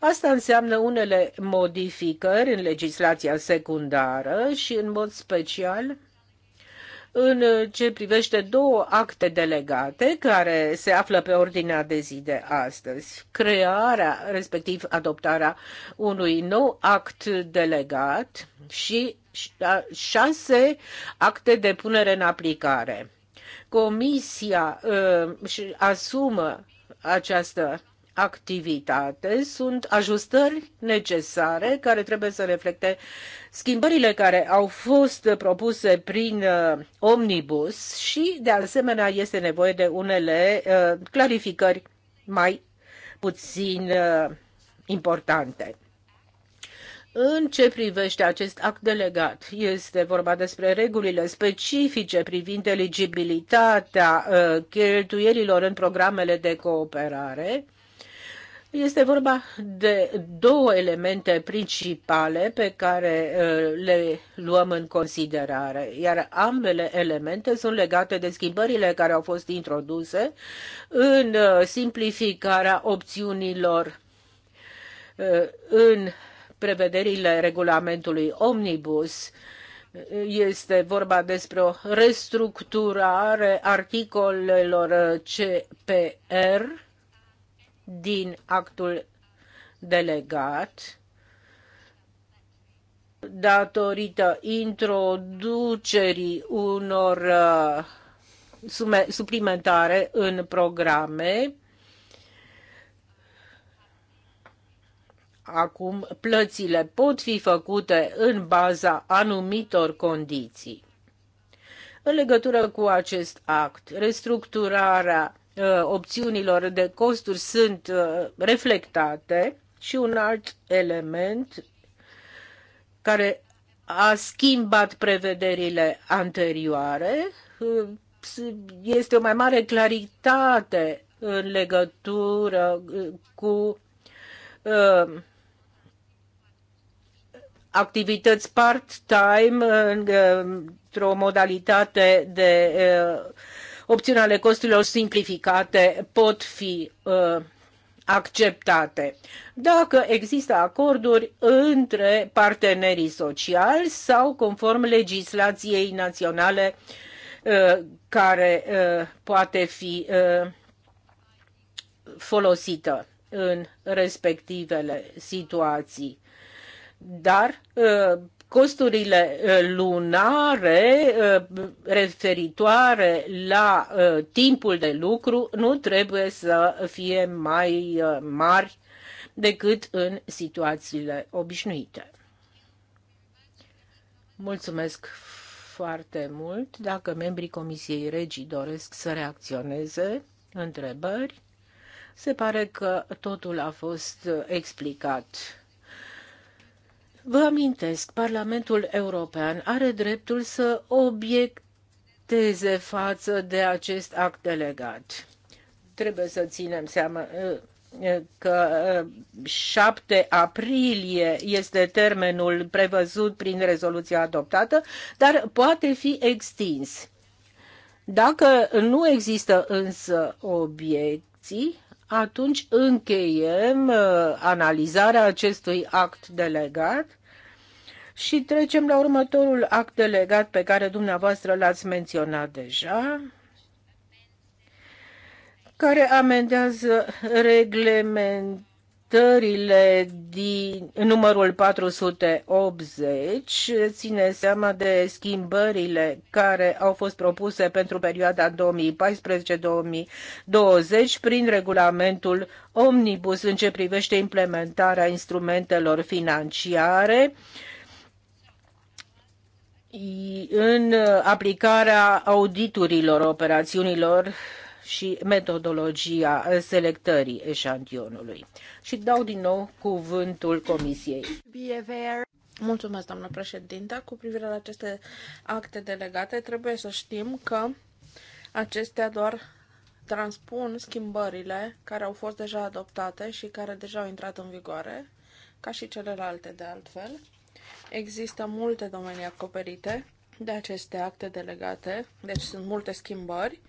Asta înseamnă unele modificări în legislația secundară și în mod special în ce privește două acte delegate care se află pe ordinea de zi de astăzi. Crearea, respectiv adoptarea unui nou act delegat și șase acte de punere în aplicare. Comisia uh, asumă această activitate sunt ajustări necesare care trebuie să reflecte schimbările care au fost propuse prin uh, omnibus și, de asemenea, este nevoie de unele uh, clarificări mai puțin uh, importante. În ce privește acest act delegat, este vorba despre regulile specifice privind eligibilitatea cheltuielilor în programele de cooperare este vorba de două elemente principale pe care uh, le luăm în considerare, iar ambele elemente sunt legate de schimbările care au fost introduse în uh, simplificarea opțiunilor uh, în prevederile regulamentului Omnibus, este vorba despre o restructurare articolelor CPR din actul delegat datorită introducerii unor uh, sume suplimentare în programe. Acum plățile pot fi făcute în baza anumitor condiții. În legătură cu acest act, restructurarea Uh, opțiunilor de costuri sunt uh, reflectate și un alt element care a schimbat prevederile anterioare uh, este o mai mare claritate în legătură cu activități part-time într-o modalitate de uh, opțiuni ale costurilor simplificate pot fi uh, acceptate dacă există acorduri între partenerii sociali sau conform legislației naționale uh, care uh, poate fi uh, folosită în respectivele situații. Dar uh, costurile uh, lunare uh, referitoare la uh, timpul de lucru nu trebuie să fie mai mari decât în situațiile obișnuite. Mulțumesc foarte mult. Dacă membrii Comisiei Regii doresc să reacționeze, întrebări, se pare că totul a fost explicat Vă amintesc, Parlamentul European are dreptul să obiecteze față de acest act delegat. Trebuie să ținem seama uh, uh, că 7 uh, aprilie este termenul prevăzut prin rezoluția adoptată, dar poate fi extins. Dacă nu există însă obiecții, atunci încheiem analizarea acestui act delegat și trecem la următorul act delegat pe care dumneavoastră l-ați menționat deja, care amendează reglementările din numărul 480, ține seama de schimbările care au fost propuse pentru perioada 2014-2020 prin regulamentul Omnibus în ce privește implementarea instrumentelor financiare, în aplicarea auditurilor operațiunilor și metodologia selectării eșantionului. Și dau din nou cuvântul Comisiei. Mulțumesc, doamnă președintă. Cu privire la aceste acte delegate, trebuie să știm că acestea doar transpun schimbările care au fost deja adoptate și care deja au intrat în vigoare, ca și celelalte de altfel. Există multe domenii acoperite de aceste acte delegate, deci sunt multe schimbări,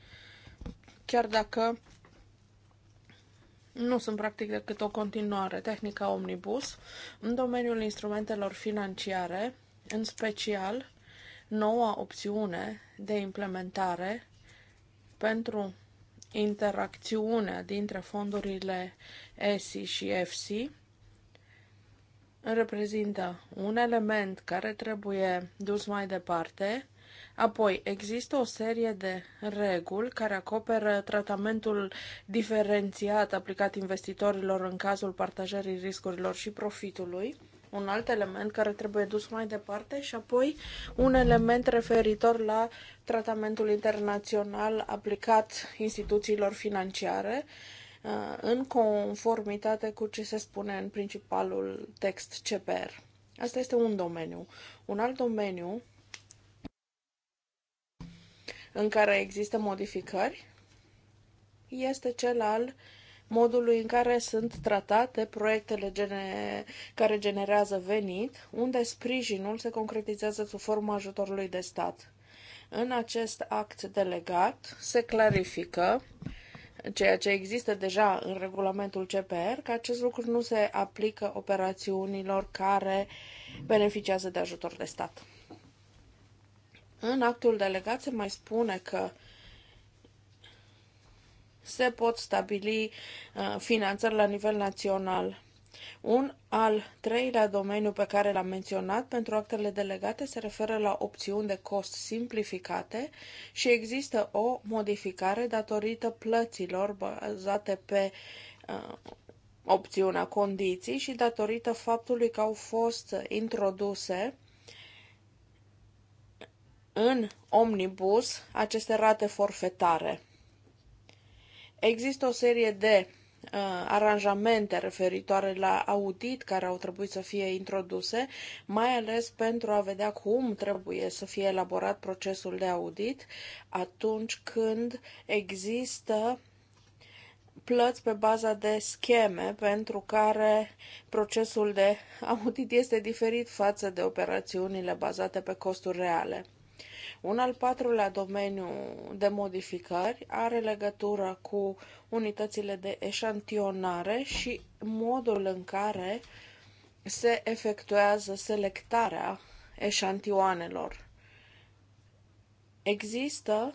chiar dacă nu sunt practic decât o continuare tehnica omnibus în domeniul instrumentelor financiare, în special noua opțiune de implementare pentru interacțiunea dintre fondurile ESI și EFSI reprezintă un element care trebuie dus mai departe. Apoi, există o serie de reguli care acoperă tratamentul diferențiat aplicat investitorilor în cazul partajării riscurilor și profitului, un alt element care trebuie dus mai departe și apoi un element referitor la tratamentul internațional aplicat instituțiilor financiare Uh, în conformitate cu ce se spune în principalul text CPR. Asta este un domeniu. Un alt domeniu în care există modificări este cel al modului în care sunt tratate proiectele gene... care generează venit, unde sprijinul se concretizează sub forma ajutorului de stat. În acest act delegat se clarifică ceea ce există deja în regulamentul CPR, că acest lucru nu se aplică operațiunilor care beneficiază de ajutor de stat. În actul delegat se mai spune că se pot stabili uh, finanțări la nivel național un al treilea domeniu pe care l-am menționat pentru actele delegate se referă la opțiuni de cost simplificate și există o modificare datorită plăților bazate pe uh, opțiunea condiții și datorită faptului că au fost introduse în omnibus aceste rate forfetare. Există o serie de Uh, aranjamente referitoare la audit care au trebuit să fie introduse, mai ales pentru a vedea cum trebuie să fie elaborat procesul de audit atunci când există plăți pe baza de scheme pentru care procesul de [LAUGHS] audit este diferit față de operațiunile bazate pe costuri reale. Un al patrulea domeniu de modificări are legătură cu unitățile de eșantionare și modul în care se efectuează selectarea eșantioanelor. Există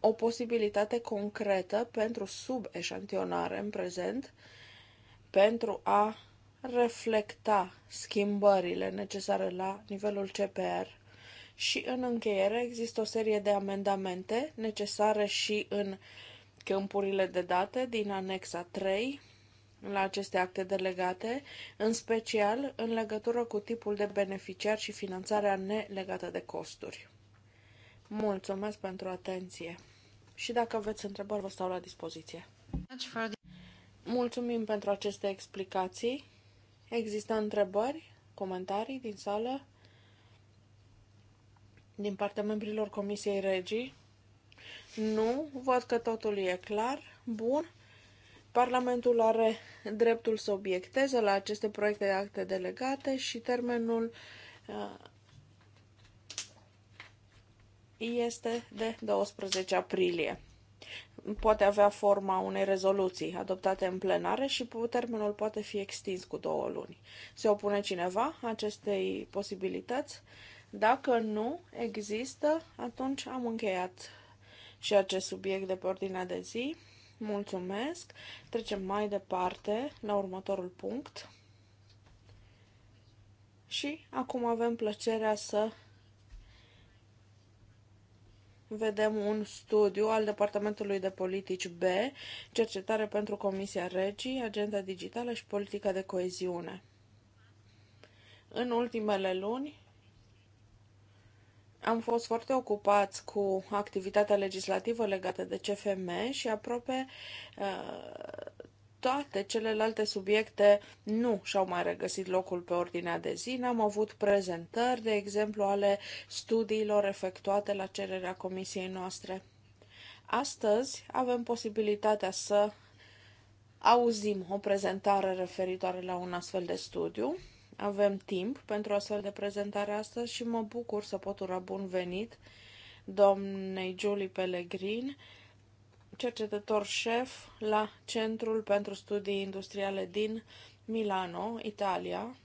o posibilitate concretă pentru sub-eșantionare în prezent pentru a reflecta schimbările necesare la nivelul CPR și în încheiere există o serie de amendamente necesare și în câmpurile de date din anexa 3 la aceste acte delegate, în special în legătură cu tipul de beneficiar și finanțarea nelegată de costuri. Mulțumesc pentru atenție și dacă aveți întrebări, vă stau la dispoziție. Mulțumim pentru aceste explicații. Există întrebări, comentarii din sală? din partea membrilor Comisiei Regii? Nu, văd că totul e clar. Bun. Parlamentul are dreptul să obiecteze la aceste proiecte de acte delegate și termenul uh, este de 12 aprilie. Poate avea forma unei rezoluții adoptate în plenare și termenul poate fi extins cu două luni. Se opune cineva acestei posibilități? Dacă nu există, atunci am încheiat și acest subiect de pe ordinea de zi. Mulțumesc. Trecem mai departe la următorul punct. Și acum avem plăcerea să vedem un studiu al Departamentului de Politici B, cercetare pentru Comisia Regii, Agenda Digitală și Politica de Coeziune. În ultimele luni am fost foarte ocupați cu activitatea legislativă legată de CFM și aproape uh, toate celelalte subiecte nu și-au mai regăsit locul pe ordinea de zi. N-am avut prezentări, de exemplu, ale studiilor efectuate la cererea comisiei noastre. Astăzi avem posibilitatea să auzim o prezentare referitoare la un astfel de studiu avem timp pentru astfel de prezentare astăzi și mă bucur să pot ura bun venit domnei Julie Pellegrin, cercetător șef la Centrul pentru Studii Industriale din Milano, Italia,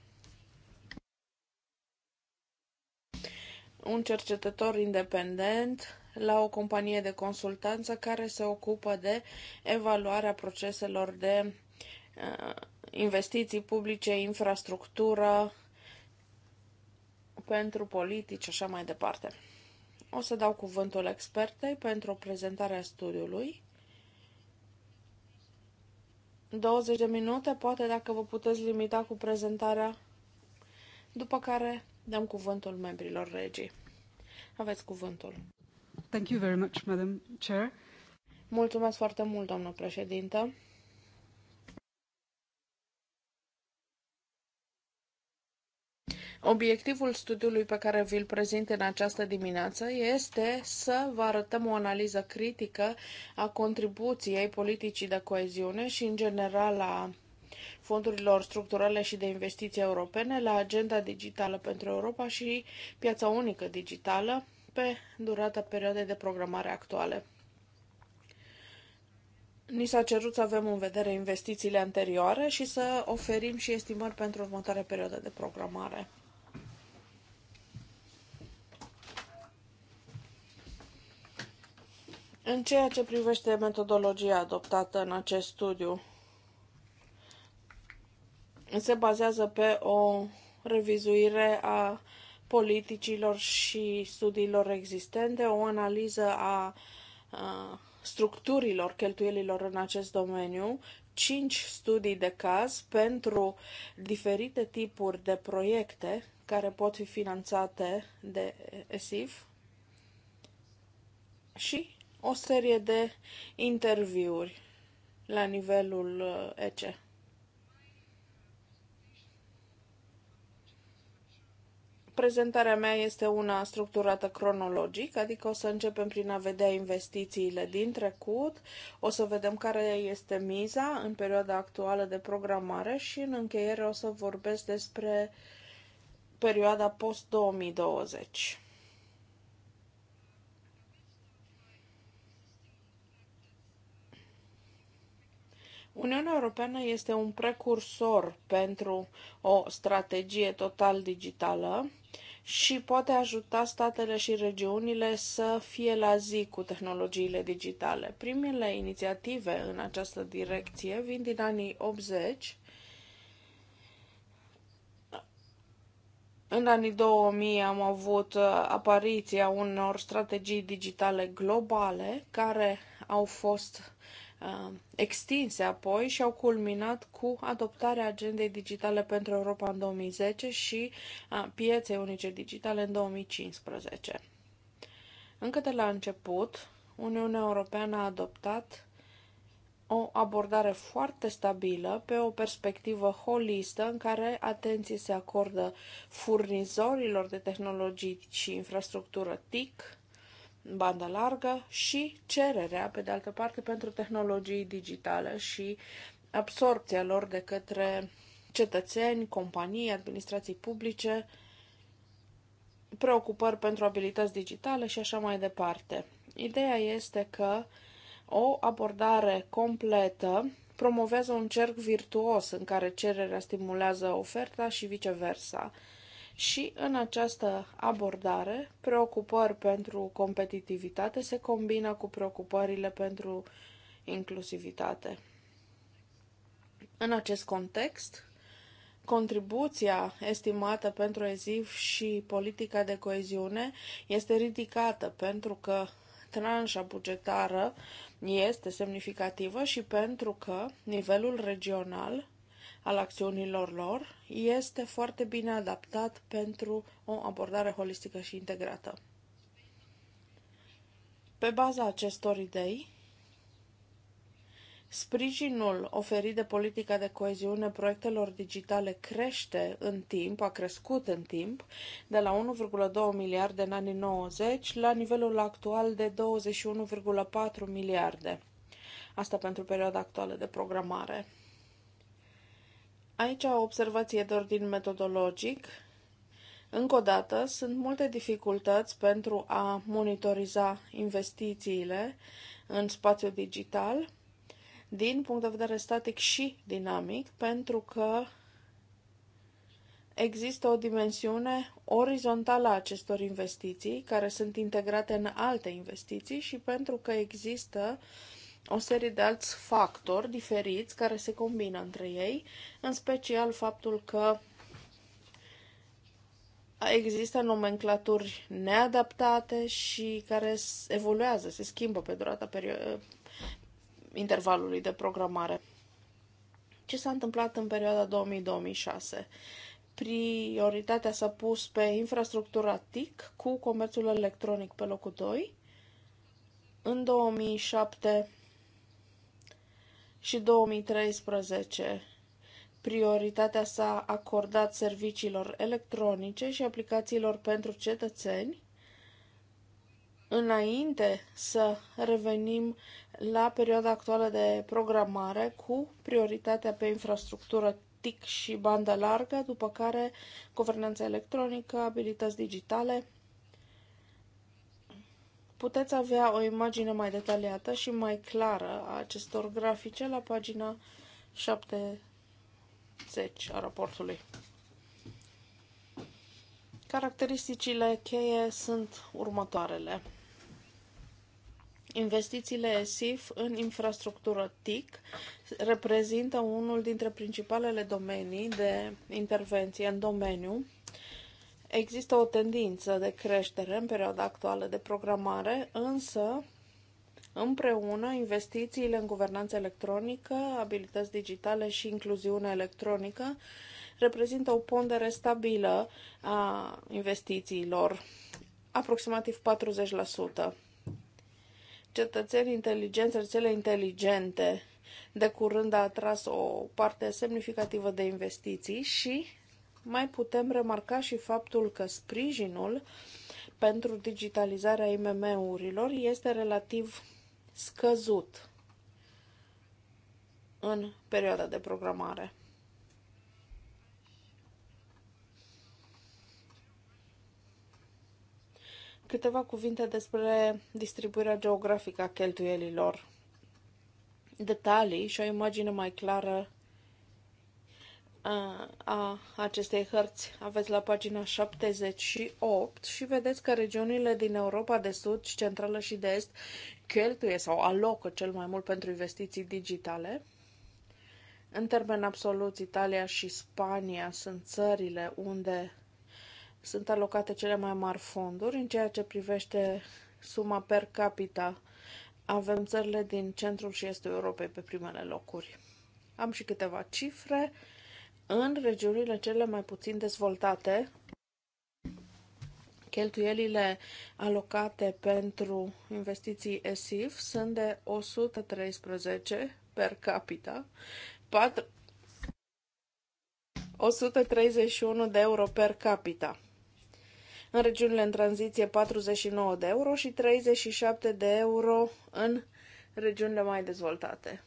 un cercetător independent la o companie de consultanță care se ocupă de evaluarea proceselor de uh, investiții publice, infrastructură, pentru politici așa mai departe. O să dau cuvântul expertei pentru prezentarea studiului. 20 de minute, poate dacă vă puteți limita cu prezentarea, după care dăm cuvântul membrilor regii. Aveți cuvântul. Thank you very much, Madam Chair. Mulțumesc foarte mult, doamnă președintă. Obiectivul studiului pe care vi-l prezint în această dimineață este să vă arătăm o analiză critică a contribuției politicii de coeziune și, în general, a fondurilor structurale și de investiții europene la agenda digitală pentru Europa și piața unică digitală pe durata perioadei de programare actuale. Ni s-a cerut să avem în vedere investițiile anterioare și să oferim și estimări pentru următoarea perioadă de programare. În ceea ce privește metodologia adoptată în acest studiu, se bazează pe o revizuire a politicilor și studiilor existente, o analiză a, a structurilor cheltuielilor în acest domeniu, cinci studii de caz pentru diferite tipuri de proiecte care pot fi finanțate de ESIF și o serie de interviuri la nivelul ECE. Uh, Prezentarea mea este una structurată cronologic, adică o să începem prin a vedea investițiile din trecut, o să vedem care este miza în perioada actuală de programare și în încheiere o să vorbesc despre perioada post-2020. Uniunea Europeană este un precursor pentru o strategie total digitală și poate ajuta statele și regiunile să fie la zi cu tehnologiile digitale. Primele inițiative în această direcție vin din anii 80 În anii 2000 am avut apariția unor strategii digitale globale care au fost Uh, extinse apoi și au culminat cu adoptarea agendei digitale pentru Europa în 2010 și a pieței unice digitale în 2015. Încă de la început, Uniunea Europeană a adoptat o abordare foarte stabilă pe o perspectivă holistă în care atenție se acordă furnizorilor de tehnologii și infrastructură TIC, bandă largă și cererea, pe de altă parte, pentru tehnologii digitale și absorpția lor de către cetățeni, companii, administrații publice, preocupări pentru abilități digitale și așa mai departe. Ideea este că o abordare completă promovează un cerc virtuos în care cererea stimulează oferta și viceversa. Și în această abordare, preocupări pentru competitivitate se combină cu preocupările pentru inclusivitate. În acest context, contribuția estimată pentru EZIV și politica de coeziune este ridicată pentru că tranșa bugetară este semnificativă și pentru că nivelul regional al acțiunilor lor este foarte bine adaptat pentru o abordare holistică și integrată. Pe baza acestor idei, Sprijinul oferit de politica de coeziune proiectelor digitale crește în timp, a crescut în timp, de la 1,2 miliarde în anii 90 la nivelul actual de 21,4 miliarde. Asta pentru perioada actuală de programare. Aici o observație de ordin metodologic. Încă o dată, sunt multe dificultăți pentru a monitoriza investițiile în spațiu digital din punct de vedere static și dinamic, pentru că există o dimensiune orizontală a acestor investiții, care sunt integrate în alte investiții și pentru că există uh, o serie de alți factori diferiți care se combină între ei, în special faptul că există nomenclaturi neadaptate și care evoluează, se schimbă pe durata perio- intervalului de programare. Ce s-a întâmplat în perioada 2000-2006? Prioritatea s-a pus pe infrastructura TIC cu comerțul electronic pe locul 2. În 2007 și 2013 prioritatea s-a acordat serviciilor electronice și aplicațiilor pentru cetățeni, înainte să revenim la perioada actuală de programare cu prioritatea pe infrastructură TIC și bandă largă, după care guvernanța electronică, abilități digitale, Puteți avea o imagine mai detaliată și mai clară a acestor grafice la pagina 70 a raportului. Caracteristicile cheie sunt următoarele. Investițiile ESIF în infrastructură TIC reprezintă unul dintre principalele domenii de intervenție în domeniu Există o tendință de creștere în perioada actuală de programare, însă Împreună, investițiile în guvernanță electronică, abilități digitale și incluziune electronică reprezintă o pondere stabilă a investițiilor, aproximativ 40%. Cetățenii inteligenți, rețele inteligente, de curând a atras o parte semnificativă de investiții și mai putem remarca și faptul că sprijinul pentru digitalizarea IMM-urilor este relativ scăzut în perioada de programare. Câteva cuvinte despre distribuirea geografică a cheltuielilor. Detalii și o imagine mai clară a acestei hărți aveți la pagina 78 și vedeți că regiunile din Europa de Sud, Centrală și de Est cheltuie sau alocă cel mai mult pentru investiții digitale. În termen absolut, Italia și Spania sunt țările unde sunt alocate cele mai mari fonduri. În ceea ce privește suma per capita, avem țările din centrul și estul Europei pe primele locuri. Am și câteva cifre. Uh, în regiunile cele mai puțin dezvoltate, cheltuielile alocate pentru investiții ESIF sunt de 113 per capita, 4, 131 de euro per capita. În regiunile în tranziție 49 de euro și 37 de euro în regiunile mai dezvoltate.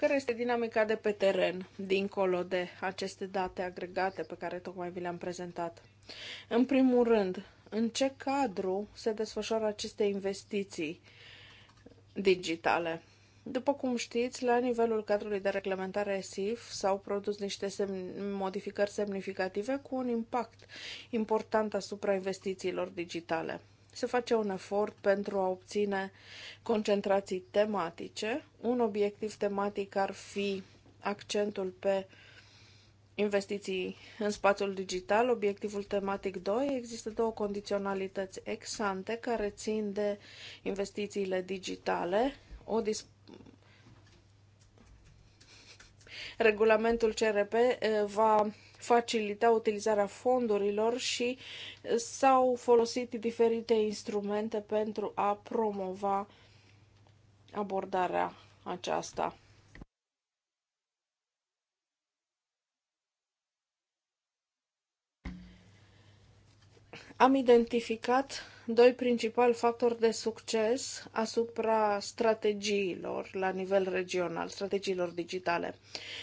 care este dinamica de pe teren, dincolo de aceste date agregate pe care tocmai vi le-am prezentat. În primul rând, în ce cadru se desfășoară aceste investiții digitale? După cum știți, la nivelul cadrului de reglementare SIF s-au produs niște semn- modificări semnificative cu un impact important asupra investițiilor digitale se face un efort pentru a obține concentrații tematice. Un obiectiv tematic ar fi accentul pe investiții în spațiul digital. Obiectivul tematic 2 există două condiționalități exante care țin de investițiile digitale. O dis- Regulamentul CRP eh, va facilita utilizarea fondurilor și s-au folosit diferite instrumente pentru a promova abordarea aceasta. Am identificat doi principali factori de succes asupra strategiilor la nivel regional, strategiilor digitale.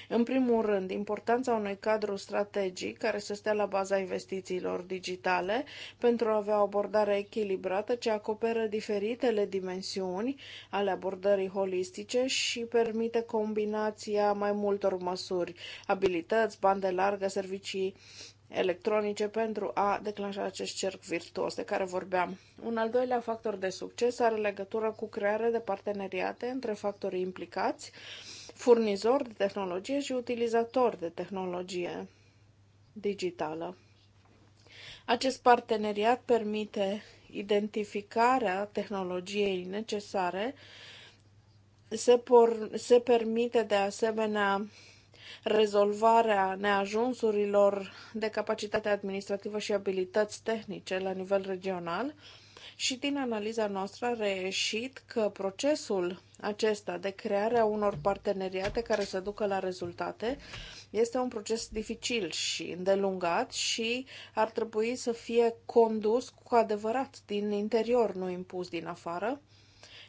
În primul rând, importanța unui cadru strategic care să stea la baza investițiilor digitale pentru a avea o abordare echilibrată ce acoperă diferitele dimensiuni ale abordării holistice și permite combinația mai multor măsuri, abilități, bande largă, servicii electronice pentru a declanșa acest cerc virtuos de care vorbeam. Un al doilea factor de succes are legătură cu crearea de parteneriate între factorii implicați, furnizori de tehnologie și utilizatori de tehnologie digitală. Acest parteneriat permite identificarea tehnologiei necesare, se, por- se permite de asemenea rezolvarea neajunsurilor de capacitate administrativă și abilități tehnice la nivel regional și din analiza noastră a reieșit că procesul acesta de creare a unor parteneriate care să ducă la rezultate este un proces dificil și îndelungat și ar trebui să fie condus cu adevărat din interior, nu impus din afară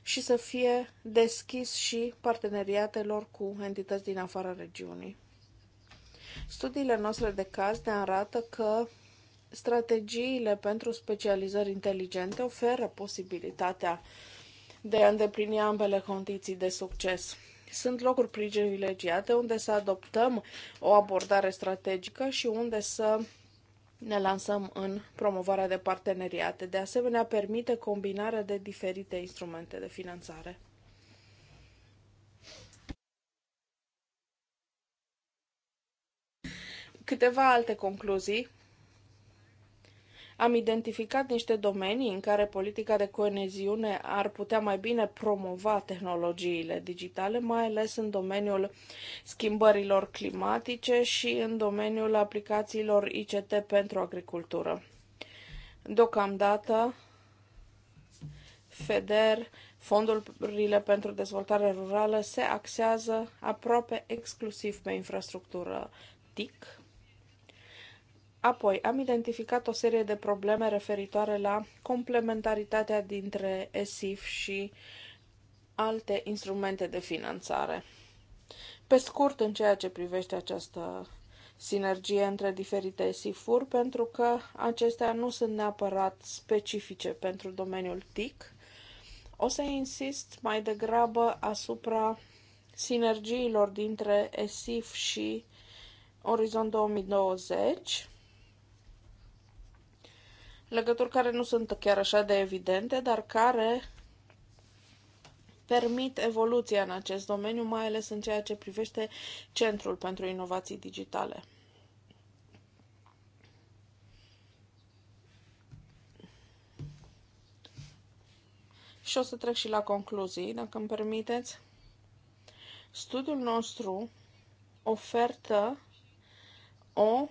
și să fie deschis și parteneriatelor cu entități din afara regiunii. Studiile noastre de caz ne arată că strategiile pentru specializări inteligente oferă posibilitatea de a îndeplini ambele condiții de succes. Sunt locuri privilegiate unde să adoptăm o abordare strategică și unde să ne lansăm în promovarea de parteneriate. De asemenea, permite combinarea de diferite instrumente de finanțare. Câteva alte concluzii am identificat niște domenii în care politica de coeziune ar putea mai bine promova tehnologiile digitale, mai ales în domeniul schimbărilor climatice și în domeniul aplicațiilor ICT pentru agricultură. Deocamdată, FEDER, fondurile pentru dezvoltare rurală, se axează aproape exclusiv pe infrastructură TIC, Apoi, am identificat o serie de probleme referitoare la complementaritatea dintre ESIF și alte instrumente de finanțare. Pe scurt, în ceea ce privește această sinergie între diferite SIF-uri, pentru că acestea nu sunt neapărat specifice pentru domeniul TIC, o să insist mai degrabă asupra sinergiilor dintre ESIF și Orizont 2020, legături care nu sunt chiar așa de evidente, dar care permit evoluția în acest domeniu, mai ales în ceea ce privește Centrul pentru Inovații Digitale. Și o să trec și la concluzii, dacă îmi permiteți. Studiul nostru ofertă o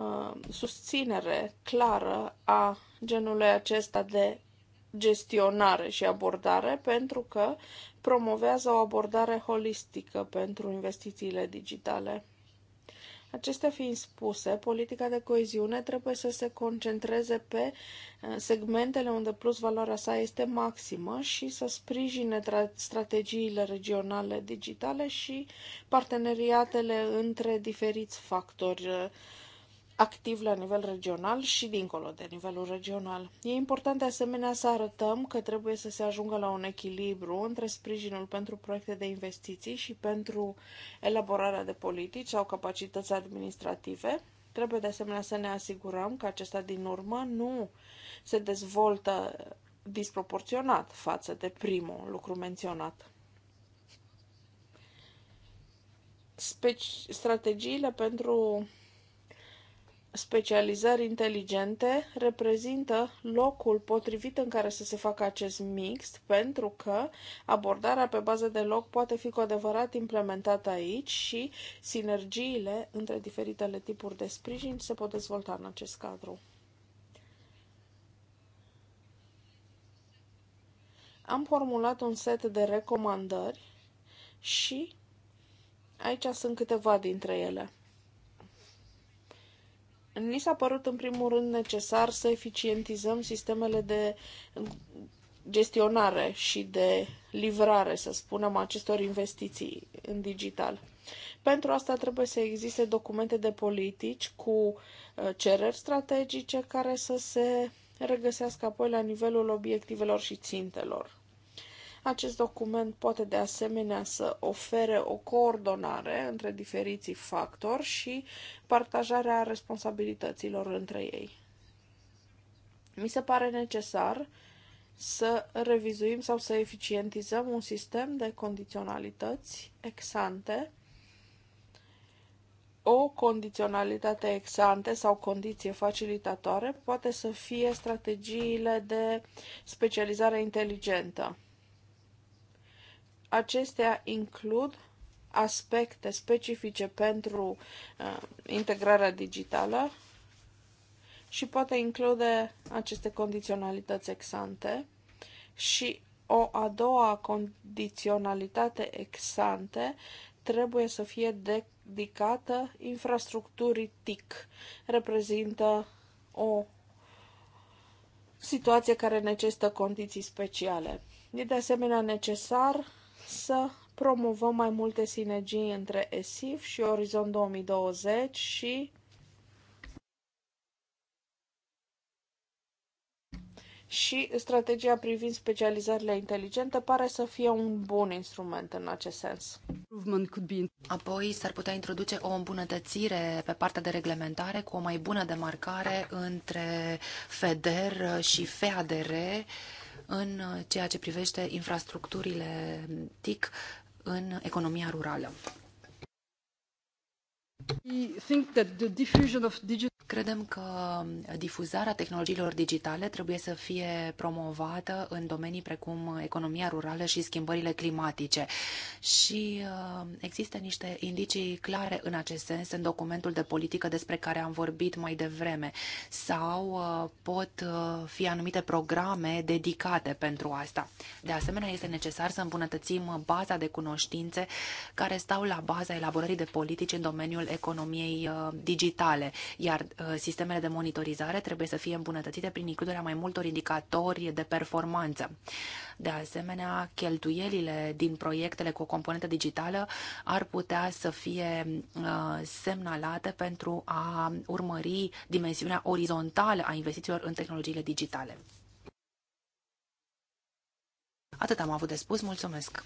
Uh, susținere clară a genului acesta de gestionare și abordare pentru că promovează o abordare holistică pentru investițiile digitale. Acestea fiind spuse, politica de coeziune trebuie să se concentreze pe uh, segmentele unde plus valoarea sa este maximă și să sprijine strategiile regionale digitale și parteneriatele între diferiți factori uh, activ la nivel regional și dincolo de nivelul regional. E important de asemenea să arătăm că trebuie să se ajungă la un echilibru între sprijinul pentru proiecte de investiții și pentru elaborarea de politici sau capacități administrative. Trebuie de asemenea să ne asigurăm că acesta din urmă nu se dezvoltă disproporționat față de primul lucru menționat. Speci- strategiile pentru specializări inteligente reprezintă locul potrivit în care să se facă acest mix, pentru că abordarea pe bază de loc poate fi cu adevărat implementată aici și sinergiile între diferitele tipuri de sprijin se pot dezvolta în acest cadru. Am formulat un set de recomandări și aici sunt câteva dintre ele. Ni s-a părut în primul rând necesar să eficientizăm sistemele de gestionare și de livrare, să spunem, acestor investiții în digital. Pentru asta trebuie să existe documente de politici cu uh, cereri strategice care să se regăsească apoi la nivelul obiectivelor și țintelor. Acest document poate de asemenea să ofere o coordonare între diferiții factori și partajarea responsabilităților între ei. Mi se pare necesar să revizuim sau să eficientizăm un sistem de condiționalități exante. O condiționalitate exante sau condiție facilitatoare poate să fie strategiile de specializare inteligentă Acestea includ aspecte specifice pentru uh, integrarea digitală și poate include aceste condiționalități exante și o a doua condiționalitate exante trebuie să fie dedicată infrastructurii TIC. Reprezintă o situație care necesită condiții speciale. E de asemenea necesar să promovăm mai multe sinergii între ESIF și Orizont 2020 și și strategia privind specializările inteligente pare să fie un bun instrument în acest sens. Apoi s-ar putea introduce o îmbunătățire pe partea de reglementare cu o mai bună demarcare între FEDER și FEADR în uh, ceea ce privește infrastructurile TIC în economia rurală. Credem că difuzarea tehnologiilor digitale trebuie să fie promovată în domenii precum economia rurală și schimbările climatice. Și uh, există niște indicii clare în acest sens în documentul de politică despre care am vorbit mai devreme. Sau uh, pot uh, fi anumite programe dedicate pentru asta. De asemenea, este necesar să îmbunătățim baza de cunoștințe care stau la baza elaborării de politici în domeniul economiei digitale, iar Uh, sistemele de monitorizare trebuie să fie îmbunătățite prin includerea mai multor indicatori de performanță. De asemenea, cheltuielile din proiectele cu o componentă digitală ar putea să fie uh, semnalate pentru a urmări dimensiunea orizontală a investițiilor în tehnologiile digitale. Atât am avut de spus, mulțumesc.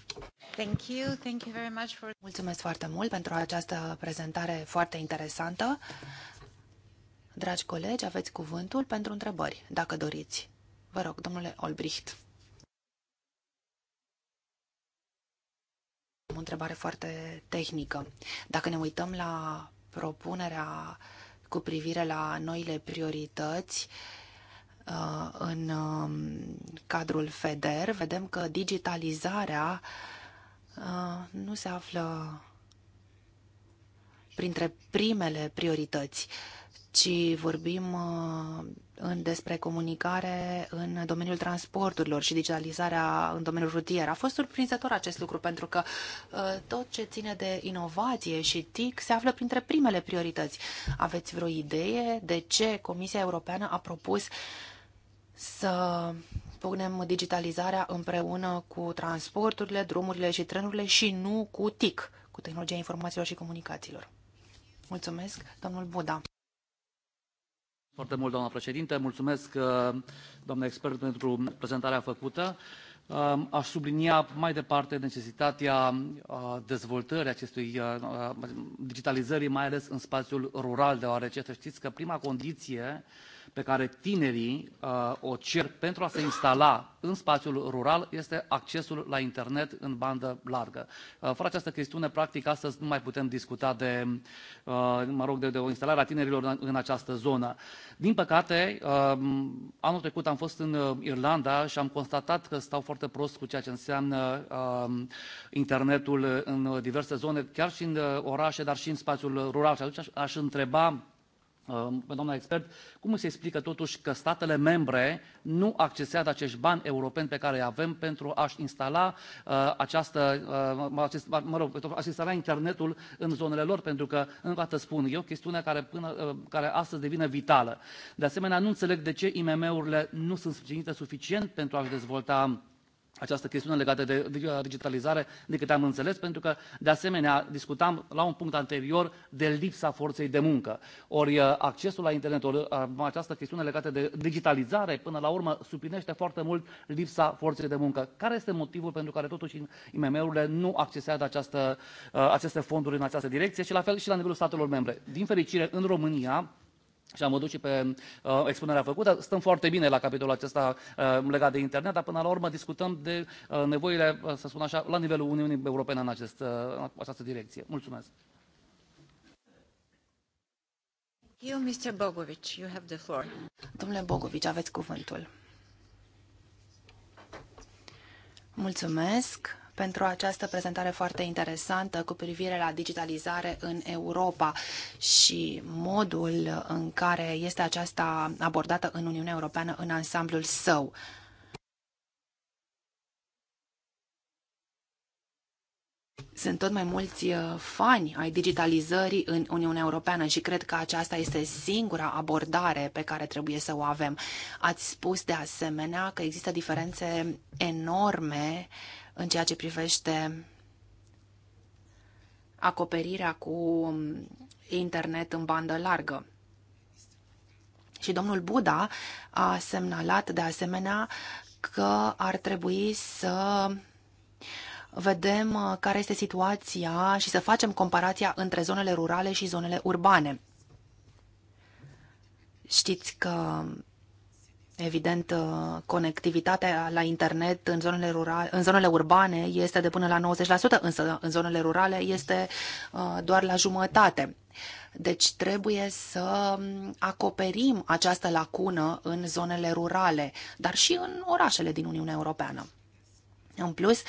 Thank you. Thank you very much for... Mulțumesc foarte mult pentru această prezentare foarte interesantă. Dragi colegi, aveți cuvântul pentru întrebări, dacă doriți. Vă rog, domnule Olbricht. Am o întrebare foarte tehnică. Dacă ne uităm la propunerea cu privire la noile priorități uh, în um, cadrul FEDER, vedem că digitalizarea uh, nu se află printre primele priorități, ci vorbim uh, în, despre comunicare în domeniul transporturilor și digitalizarea în domeniul rutier. A fost surprinzător acest lucru pentru că uh, tot ce ține de inovație și TIC se află printre primele priorități. Aveți vreo idee de ce Comisia Europeană a propus să punem digitalizarea împreună cu transporturile, drumurile și trenurile și nu cu TIC, cu tehnologia informațiilor și comunicațiilor? Mulțumesc, domnul Buda. Foarte mult, doamna președintă. Mulțumesc, uh, doamna expert, pentru prezentarea făcută. Uh, aș sublinia mai departe necesitatea uh, dezvoltării acestui digitalizării, mai ales în spațiul rural, deoarece să știți că prima condiție uh, pe care tinerii uh, o cer pentru a se instala în spațiul rural este accesul la internet în bandă largă. Uh, fără această chestiune, practic, astăzi nu mai putem discuta de, uh, mă rog, de, de o instalare a tinerilor în, în această zonă. Din păcate, uh, anul trecut am fost în uh, Irlanda și am constatat că stau foarte prost cu ceea ce înseamnă uh, internetul în diverse zone, chiar și în uh, orașe, dar și în spațiul rural. Și atunci aș, aș întreba Um, doamna expert, cum se explică totuși că statele membre nu accesează acești bani europeni pe care îi avem pentru a-și instala uh, această, uh, acest, mă rog, pentru a-și instala internetul în zonele lor? Pentru că, încă o dată spun, e o chestiune care, până, uh, care astăzi devine vitală. De asemenea, nu înțeleg de ce IMM-urile nu sunt sprijinite suficient pentru a-și dezvolta această chestiune legată de digitalizare decât am înțeles, pentru că, de asemenea, discutam la un punct anterior de lipsa forței de muncă. Ori uh, accesul la internet, ori uh, această chestiune legată de digitalizare, până la urmă, suplinește foarte mult lipsa forței de muncă. Care este motivul pentru care, totuși, IMM-urile nu accesează această, uh, aceste fonduri în această direcție și, la fel, și la nivelul statelor membre? Din fericire, în România, și am văzut și pe uh, expunerea făcută. Stăm foarte bine la capitolul acesta uh, legat de internet, dar până la urmă discutăm de uh, nevoile, uh, să spun așa, la nivelul Uniunii Europene în, acest, uh, în această direcție. Mulțumesc. You, Mr. Bogovic, you have the floor. Domnule Bogovic, aveți cuvântul. Mulțumesc pentru această prezentare foarte interesantă cu privire la digitalizare în Europa și modul în care este aceasta abordată în Uniunea Europeană în ansamblul său. Sunt tot mai mulți uh, fani ai digitalizării în Uniunea Europeană și cred că aceasta este singura abordare pe care trebuie să o avem. Ați spus de asemenea că există diferențe enorme uh, în ceea ce privește acoperirea cu internet în bandă largă. Și domnul Buda a semnalat de asemenea că ar trebui să vedem uh, care este situația și să facem comparația între zonele rurale și zonele urbane. Știți că Evident, uh, conectivitatea la internet în zonele, rurale, în zonele urbane este de până la 90%, însă în zonele rurale este uh, doar la jumătate. Deci trebuie să um, acoperim această lacună în zonele rurale, dar și în orașele din Uniunea Europeană. În plus,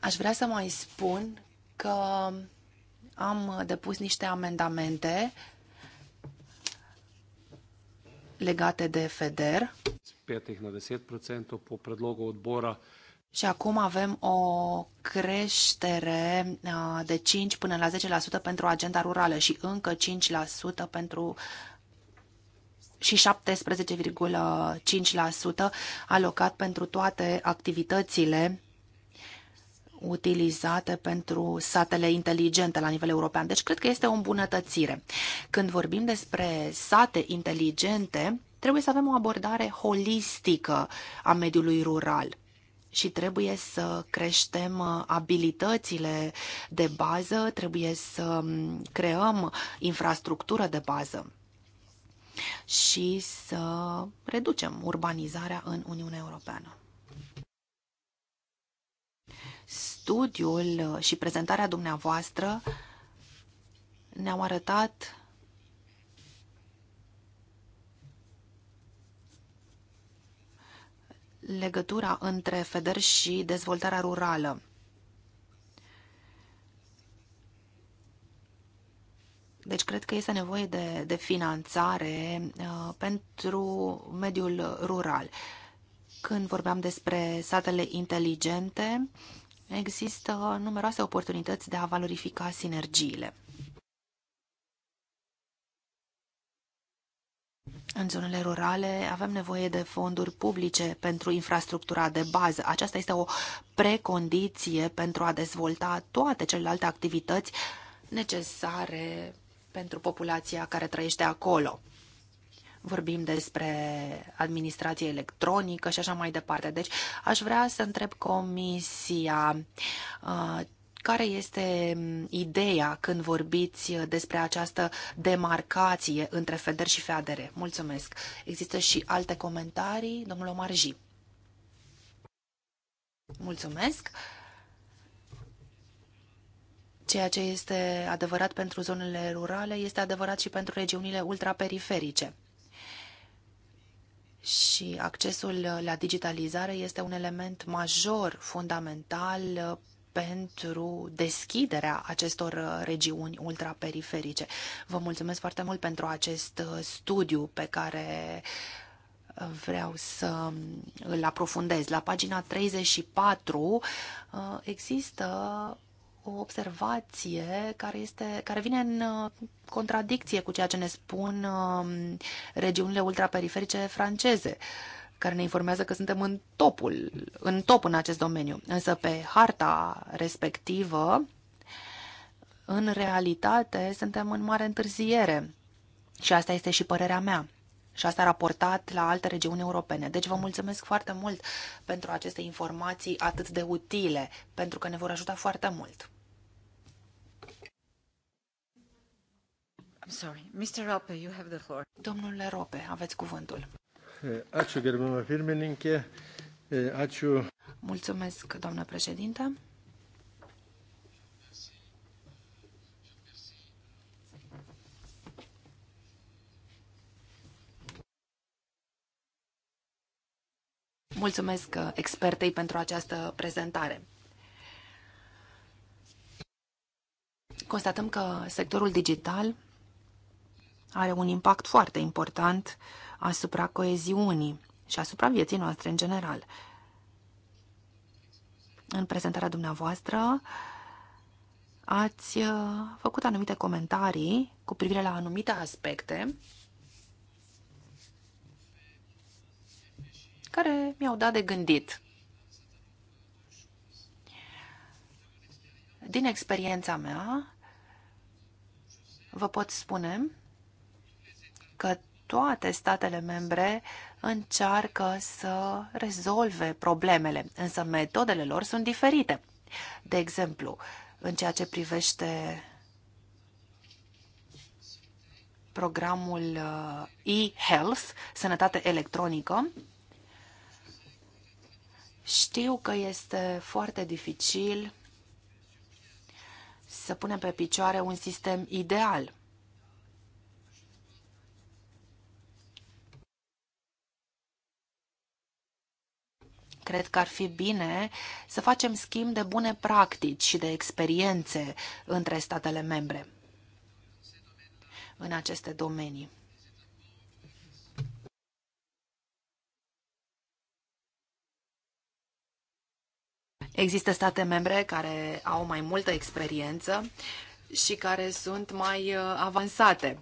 aș vrea să mai spun că am depus niște amendamente uh, legate de FEDER. 5 10% Și acum avem o creștere de 5 până la 10% pentru agenda rurală și încă 5% pentru și 17,5% alocat pentru toate activitățile utilizate pentru satele inteligente la nivel european. Deci cred că este o îmbunătățire. Când vorbim despre sate inteligente, trebuie să avem o abordare holistică a mediului rural și trebuie să creștem uh, abilitățile de bază, trebuie să um, creăm infrastructură de bază și să reducem urbanizarea în Uniunea Europeană. studiul uh, și prezentarea dumneavoastră ne-au arătat legătura între FEDER și dezvoltarea rurală. Deci cred că este nevoie de, de finanțare uh, pentru mediul rural. Când vorbeam despre satele inteligente, există numeroase oportunități de a valorifica sinergiile. În zonele rurale avem nevoie de fonduri publice pentru infrastructura de bază. Aceasta este o precondiție pentru a dezvolta toate celelalte activități necesare pentru populația care trăiește acolo vorbim despre administrație electronică și așa mai departe. Deci aș vrea să întreb comisia uh, care este ideea când vorbiți despre această demarcație între FEDER și FEADR? Mulțumesc. Există și alte comentarii? Domnul Omarji. Mulțumesc. Ceea ce este adevărat pentru zonele rurale este adevărat și pentru regiunile ultraperiferice și accesul la digitalizare este un element major, fundamental uh, pentru deschiderea acestor uh, regiuni ultraperiferice. Vă mulțumesc foarte mult pentru acest uh, studiu pe care vreau să um, îl aprofundez. La pagina 34 există o observație care, este, care vine în uh, contradicție cu ceea ce ne spun um, regiunile ultraperiferice franceze care ne informează că suntem în topul, în top în acest domeniu. Însă pe harta respectivă, în realitate, suntem în mare întârziere. Și asta este și părerea mea. Și asta raportat la alte regiuni europene. Deci vă mulțumesc foarte mult pentru aceste informații atât de utile, pentru că ne vor ajuta foarte mult. I'm sorry. Mr. Rope, you have the floor. Domnule Rope, aveți cuvântul. Eh, eh, Mulțumesc, doamnă președintă. Mulțumesc expertei pentru această prezentare. Constatăm că sectorul digital are un impact foarte important asupra coeziunii și asupra vieții noastre în general. În prezentarea dumneavoastră ați uh, făcut anumite comentarii cu privire la anumite aspecte care mi-au dat de gândit. Din experiența mea, vă pot spune că toate statele membre încearcă să rezolve problemele, însă metodele lor sunt diferite. De exemplu, în ceea ce privește programul uh, e-health, sănătate electronică, știu că este foarte dificil să punem pe picioare un sistem ideal. Cred că ar fi bine să facem schimb de bune practici și de experiențe între statele membre în aceste domenii. Există state membre care au mai multă experiență și care sunt mai uh, avansate.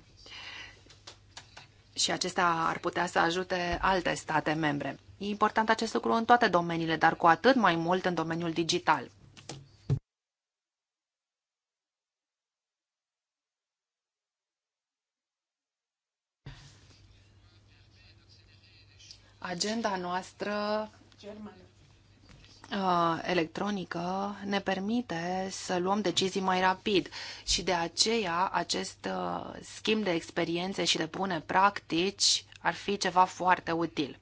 Și acestea ar putea să ajute alte state membre. E important acest lucru în toate domeniile, dar cu atât mai mult în domeniul digital. Agenda noastră uh, electronică ne permite să luăm decizii mai rapid și de aceea acest uh, schimb de experiențe și de bune practici ar fi ceva foarte util.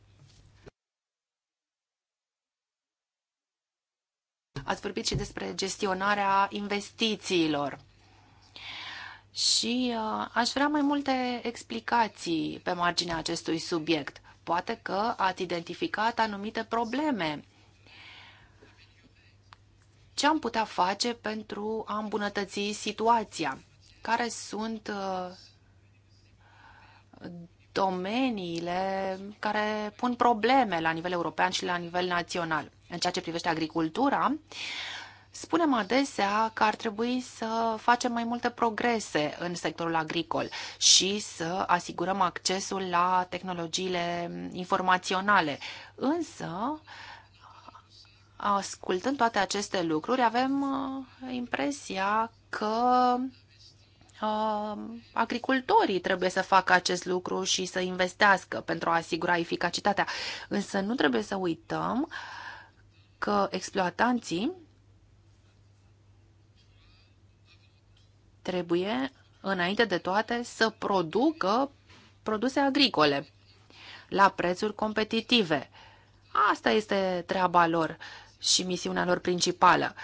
Ați vorbit și despre gestionarea investițiilor. Și uh, aș vrea mai multe explicații pe marginea acestui subiect. Poate că ați identificat anumite probleme. Ce am putea face pentru a îmbunătăți situația? Care sunt uh, domeniile care pun probleme la nivel european și la nivel național? în ceea ce privește agricultura, Spunem adesea că ar trebui să facem mai multe progrese în sectorul agricol și să asigurăm accesul la tehnologiile informaționale. Însă, ascultând toate aceste lucruri, avem uh, impresia că uh, agricultorii trebuie să facă acest lucru și să investească pentru a asigura eficacitatea. Însă nu trebuie să uităm uh, că exploatanții trebuie, înainte de toate, să producă produse agricole la prețuri competitive. Asta este treaba lor și misiunea lor principală.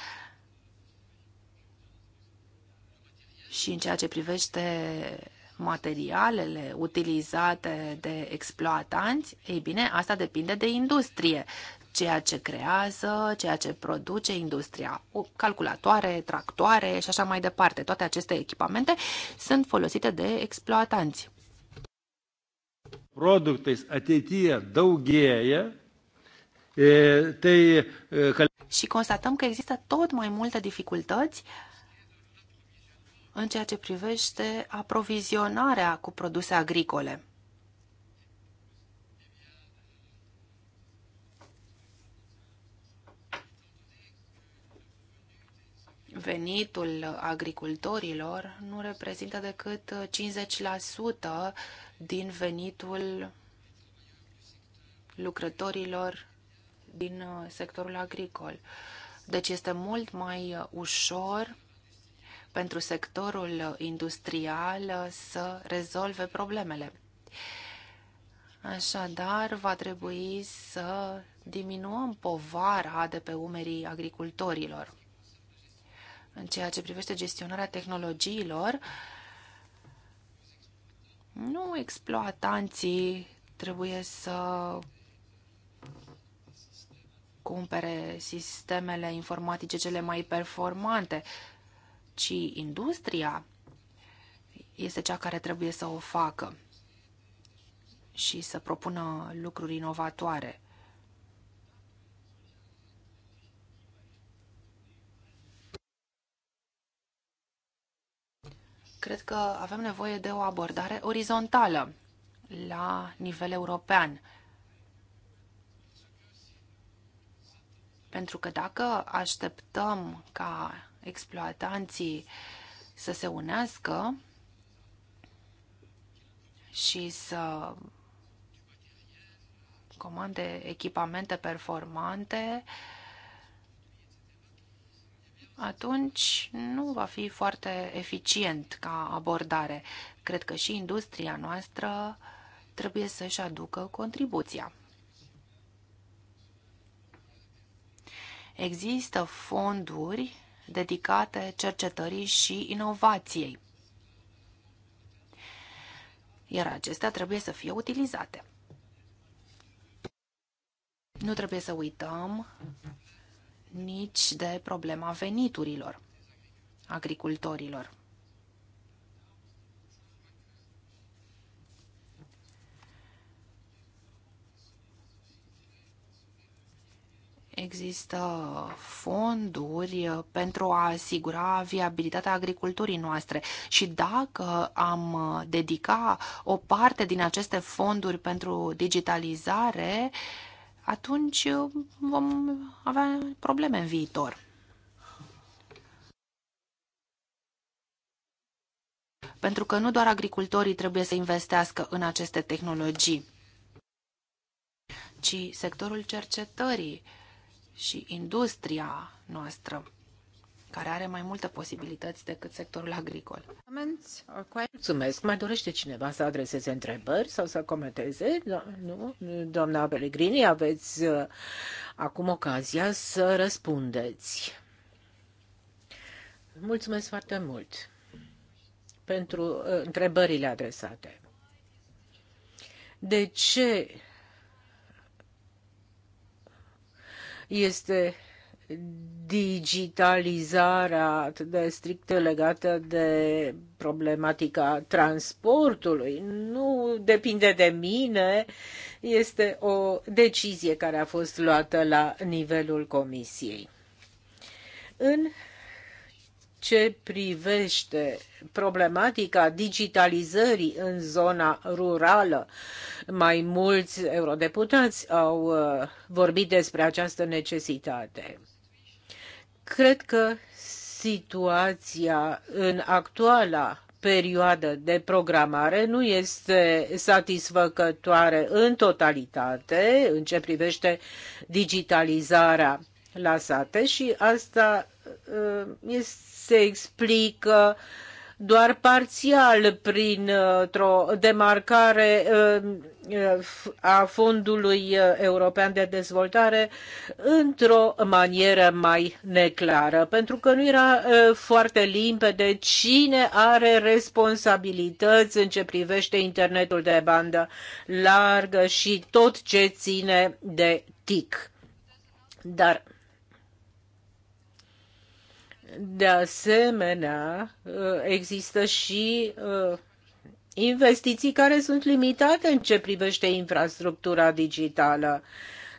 Și în ceea ce privește materialele utilizate de exploatanți, ei bine, asta depinde de industrie ceea ce creează, ceea ce produce industria, calculatoare, tractoare și așa mai departe. Toate aceste echipamente sunt folosite de exploatanți. Productais ateitie daugėja, Și constatăm că există tot mai multe dificultăți în ceea ce privește aprovizionarea cu produse agricole. venitul agricultorilor nu reprezintă decât 50% din venitul lucrătorilor din uh, sectorul agricol. Deci este mult mai uh, ușor pentru sectorul industrial uh, să rezolve problemele. Așadar, va trebui să diminuăm povara de pe umerii agricultorilor în ceea ce privește gestionarea tehnologiilor, nu exploatanții trebuie să cumpere sistemele informatice cele mai performante, ci industria este cea care trebuie să o facă și să propună lucruri inovatoare. cred că avem nevoie de o abordare orizontală la nivel european. Pentru că dacă așteptăm ca exploatanții să se unească și să comande echipamente performante, uh, atunci nu va fi foarte eficient ca abordare. Cred că și industria noastră trebuie să-și aducă contribuția. Există fonduri dedicate cercetării și inovației, iar acestea trebuie să fie utilizate. Nu trebuie să uităm nici de problema veniturilor agricultorilor. Există fonduri pentru a asigura viabilitatea agriculturii noastre și dacă am dedica o parte din aceste fonduri pentru digitalizare, uh, atunci uh, vom avea probleme în viitor. Pentru că nu doar agricultorii trebuie să investească în aceste tehnologii, ci sectorul cercetării și industria noastră care are mai multe posibilități decât sectorul agricol. Mulțumesc. Mai dorește cineva să adreseze întrebări sau să comenteze? Do- da, nu? Doamna Pellegrini, aveți uh, acum ocazia să răspundeți. Mulțumesc foarte mult pentru uh, întrebările adresate. De ce este digitalizarea atât de strict legată de problematica transportului. Nu depinde de mine, este o decizie care a fost luată la nivelul comisiei. În ce privește problematica digitalizării în zona rurală. Mai mulți eurodeputați au uh, vorbit despre această necesitate. Cred că situația în actuala perioadă de programare nu este satisfăcătoare în totalitate în ce privește digitalizarea la sate și asta uh, se explică uh, doar parțial prin o demarcare a Fondului European de Dezvoltare într-o manieră mai neclară, pentru că nu era foarte limpede cine are responsabilități în ce privește internetul de bandă largă și tot ce ține de TIC. Dar de asemenea, uh, există și uh, investiții care sunt limitate în ce privește infrastructura digitală.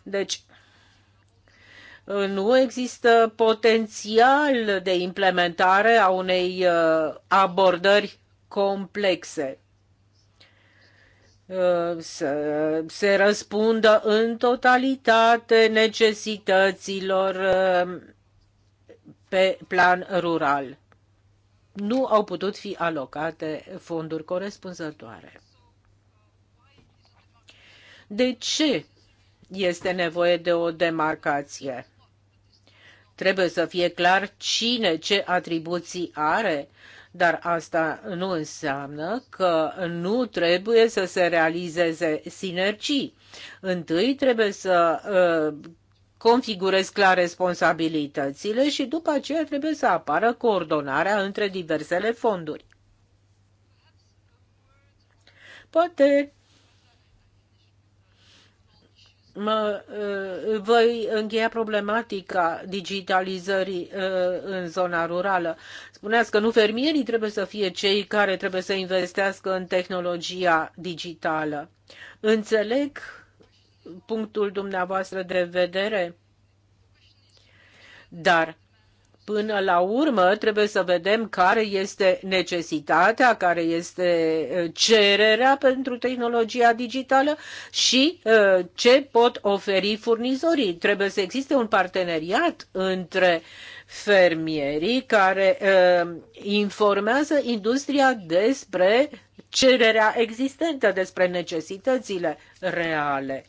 Deci, uh, nu există potențial de implementare a unei abordări complexe să se răspundă în totalitate necesităților pe plan rural. Nu au putut fi alocate fonduri corespunzătoare. De ce este nevoie de o demarcație? Trebuie să fie clar cine ce atribuții are, dar asta nu înseamnă că nu trebuie să se realizeze sinergii. Întâi trebuie să uh, configurez clar responsabilitățile și după aceea trebuie să apară coordonarea între diversele fonduri. Poate mă, uh, voi încheia problematica digitalizării uh, în zona rurală. Spuneați că nu fermierii trebuie să fie cei care trebuie să investească în tehnologia digitală. Înțeleg punctul dumneavoastră de vedere, dar până la urmă trebuie să vedem care este necesitatea, care este uh, cererea pentru tehnologia digitală și uh, ce pot oferi furnizorii. Trebuie să existe un parteneriat între fermierii care uh, informează industria despre cererea existentă, despre necesitățile reale.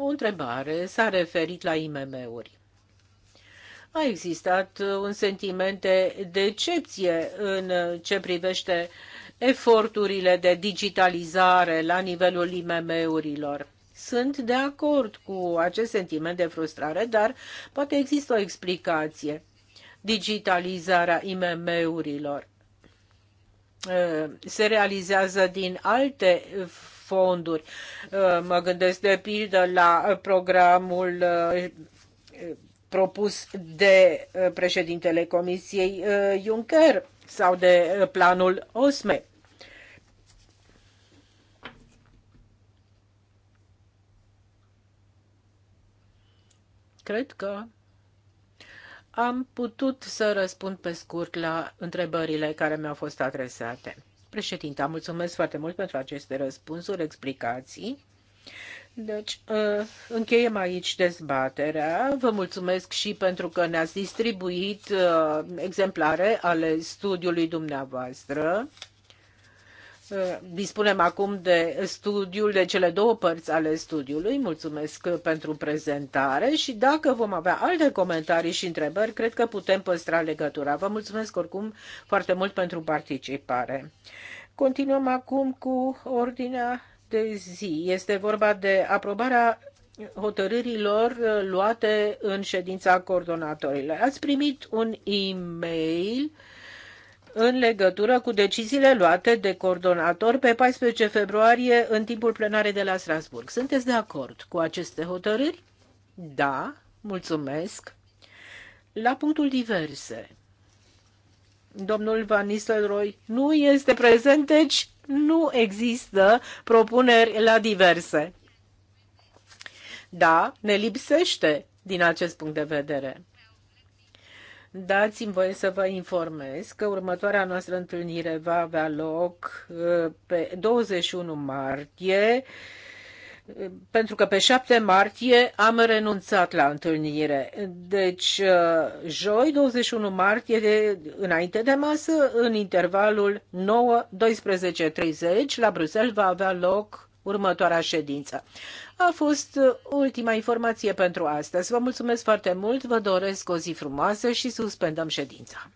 O întrebare s-a referit la IMM-uri. A existat un sentiment de decepție în ce privește eforturile de digitalizare la nivelul IMM-urilor. Sunt de acord cu acest sentiment de frustrare, dar poate există o explicație. Digitalizarea IMM-urilor uh, se realizează din alte fonduri. Uh, mă gândesc de pildă la programul uh, propus de uh, președintele Comisiei Juncker sau de planul OSME. Cred că am putut să răspund pe scurt la întrebările care mi-au fost adresate. Președinta, mulțumesc foarte mult pentru aceste răspunsuri, explicații. Deci, uh, încheiem aici dezbaterea. Vă mulțumesc și pentru că ne-ați distribuit uh, exemplare ale studiului dumneavoastră. Eh, dispunem acum de studiul, de cele două părți ale studiului. Mulțumesc pentru prezentare și dacă vom avea alte comentarii și întrebări, cred că putem păstra legătura. Vă mulțumesc oricum foarte mult pentru participare. Continuăm acum cu ordinea de zi. Este vorba de aprobarea hotărârilor eh, luate în ședința coordonatorilor. Ați primit un e-mail uh, în legătură cu deciziile luate de coordonator pe 14 februarie în timpul plenarei de la Strasburg. Sunteți de acord cu aceste hotărâri? Da, mulțumesc. La punctul diverse. Domnul Van Nistelrooy nu este prezent, deci nu există propuneri la diverse. Da, ne lipsește din acest punct de vedere. Dați-mi voie să vă informez că următoarea noastră întâlnire va avea loc uh, pe 21 martie, uh, pentru că pe 7 martie am renunțat la întâlnire. Deci, uh, joi 21 martie, înainte de masă, în intervalul 9-12.30, la Bruxelles va avea loc următoarea ședință. A fost ultima informație pentru astăzi. Vă mulțumesc foarte mult, vă doresc o zi frumoasă și suspendăm ședința.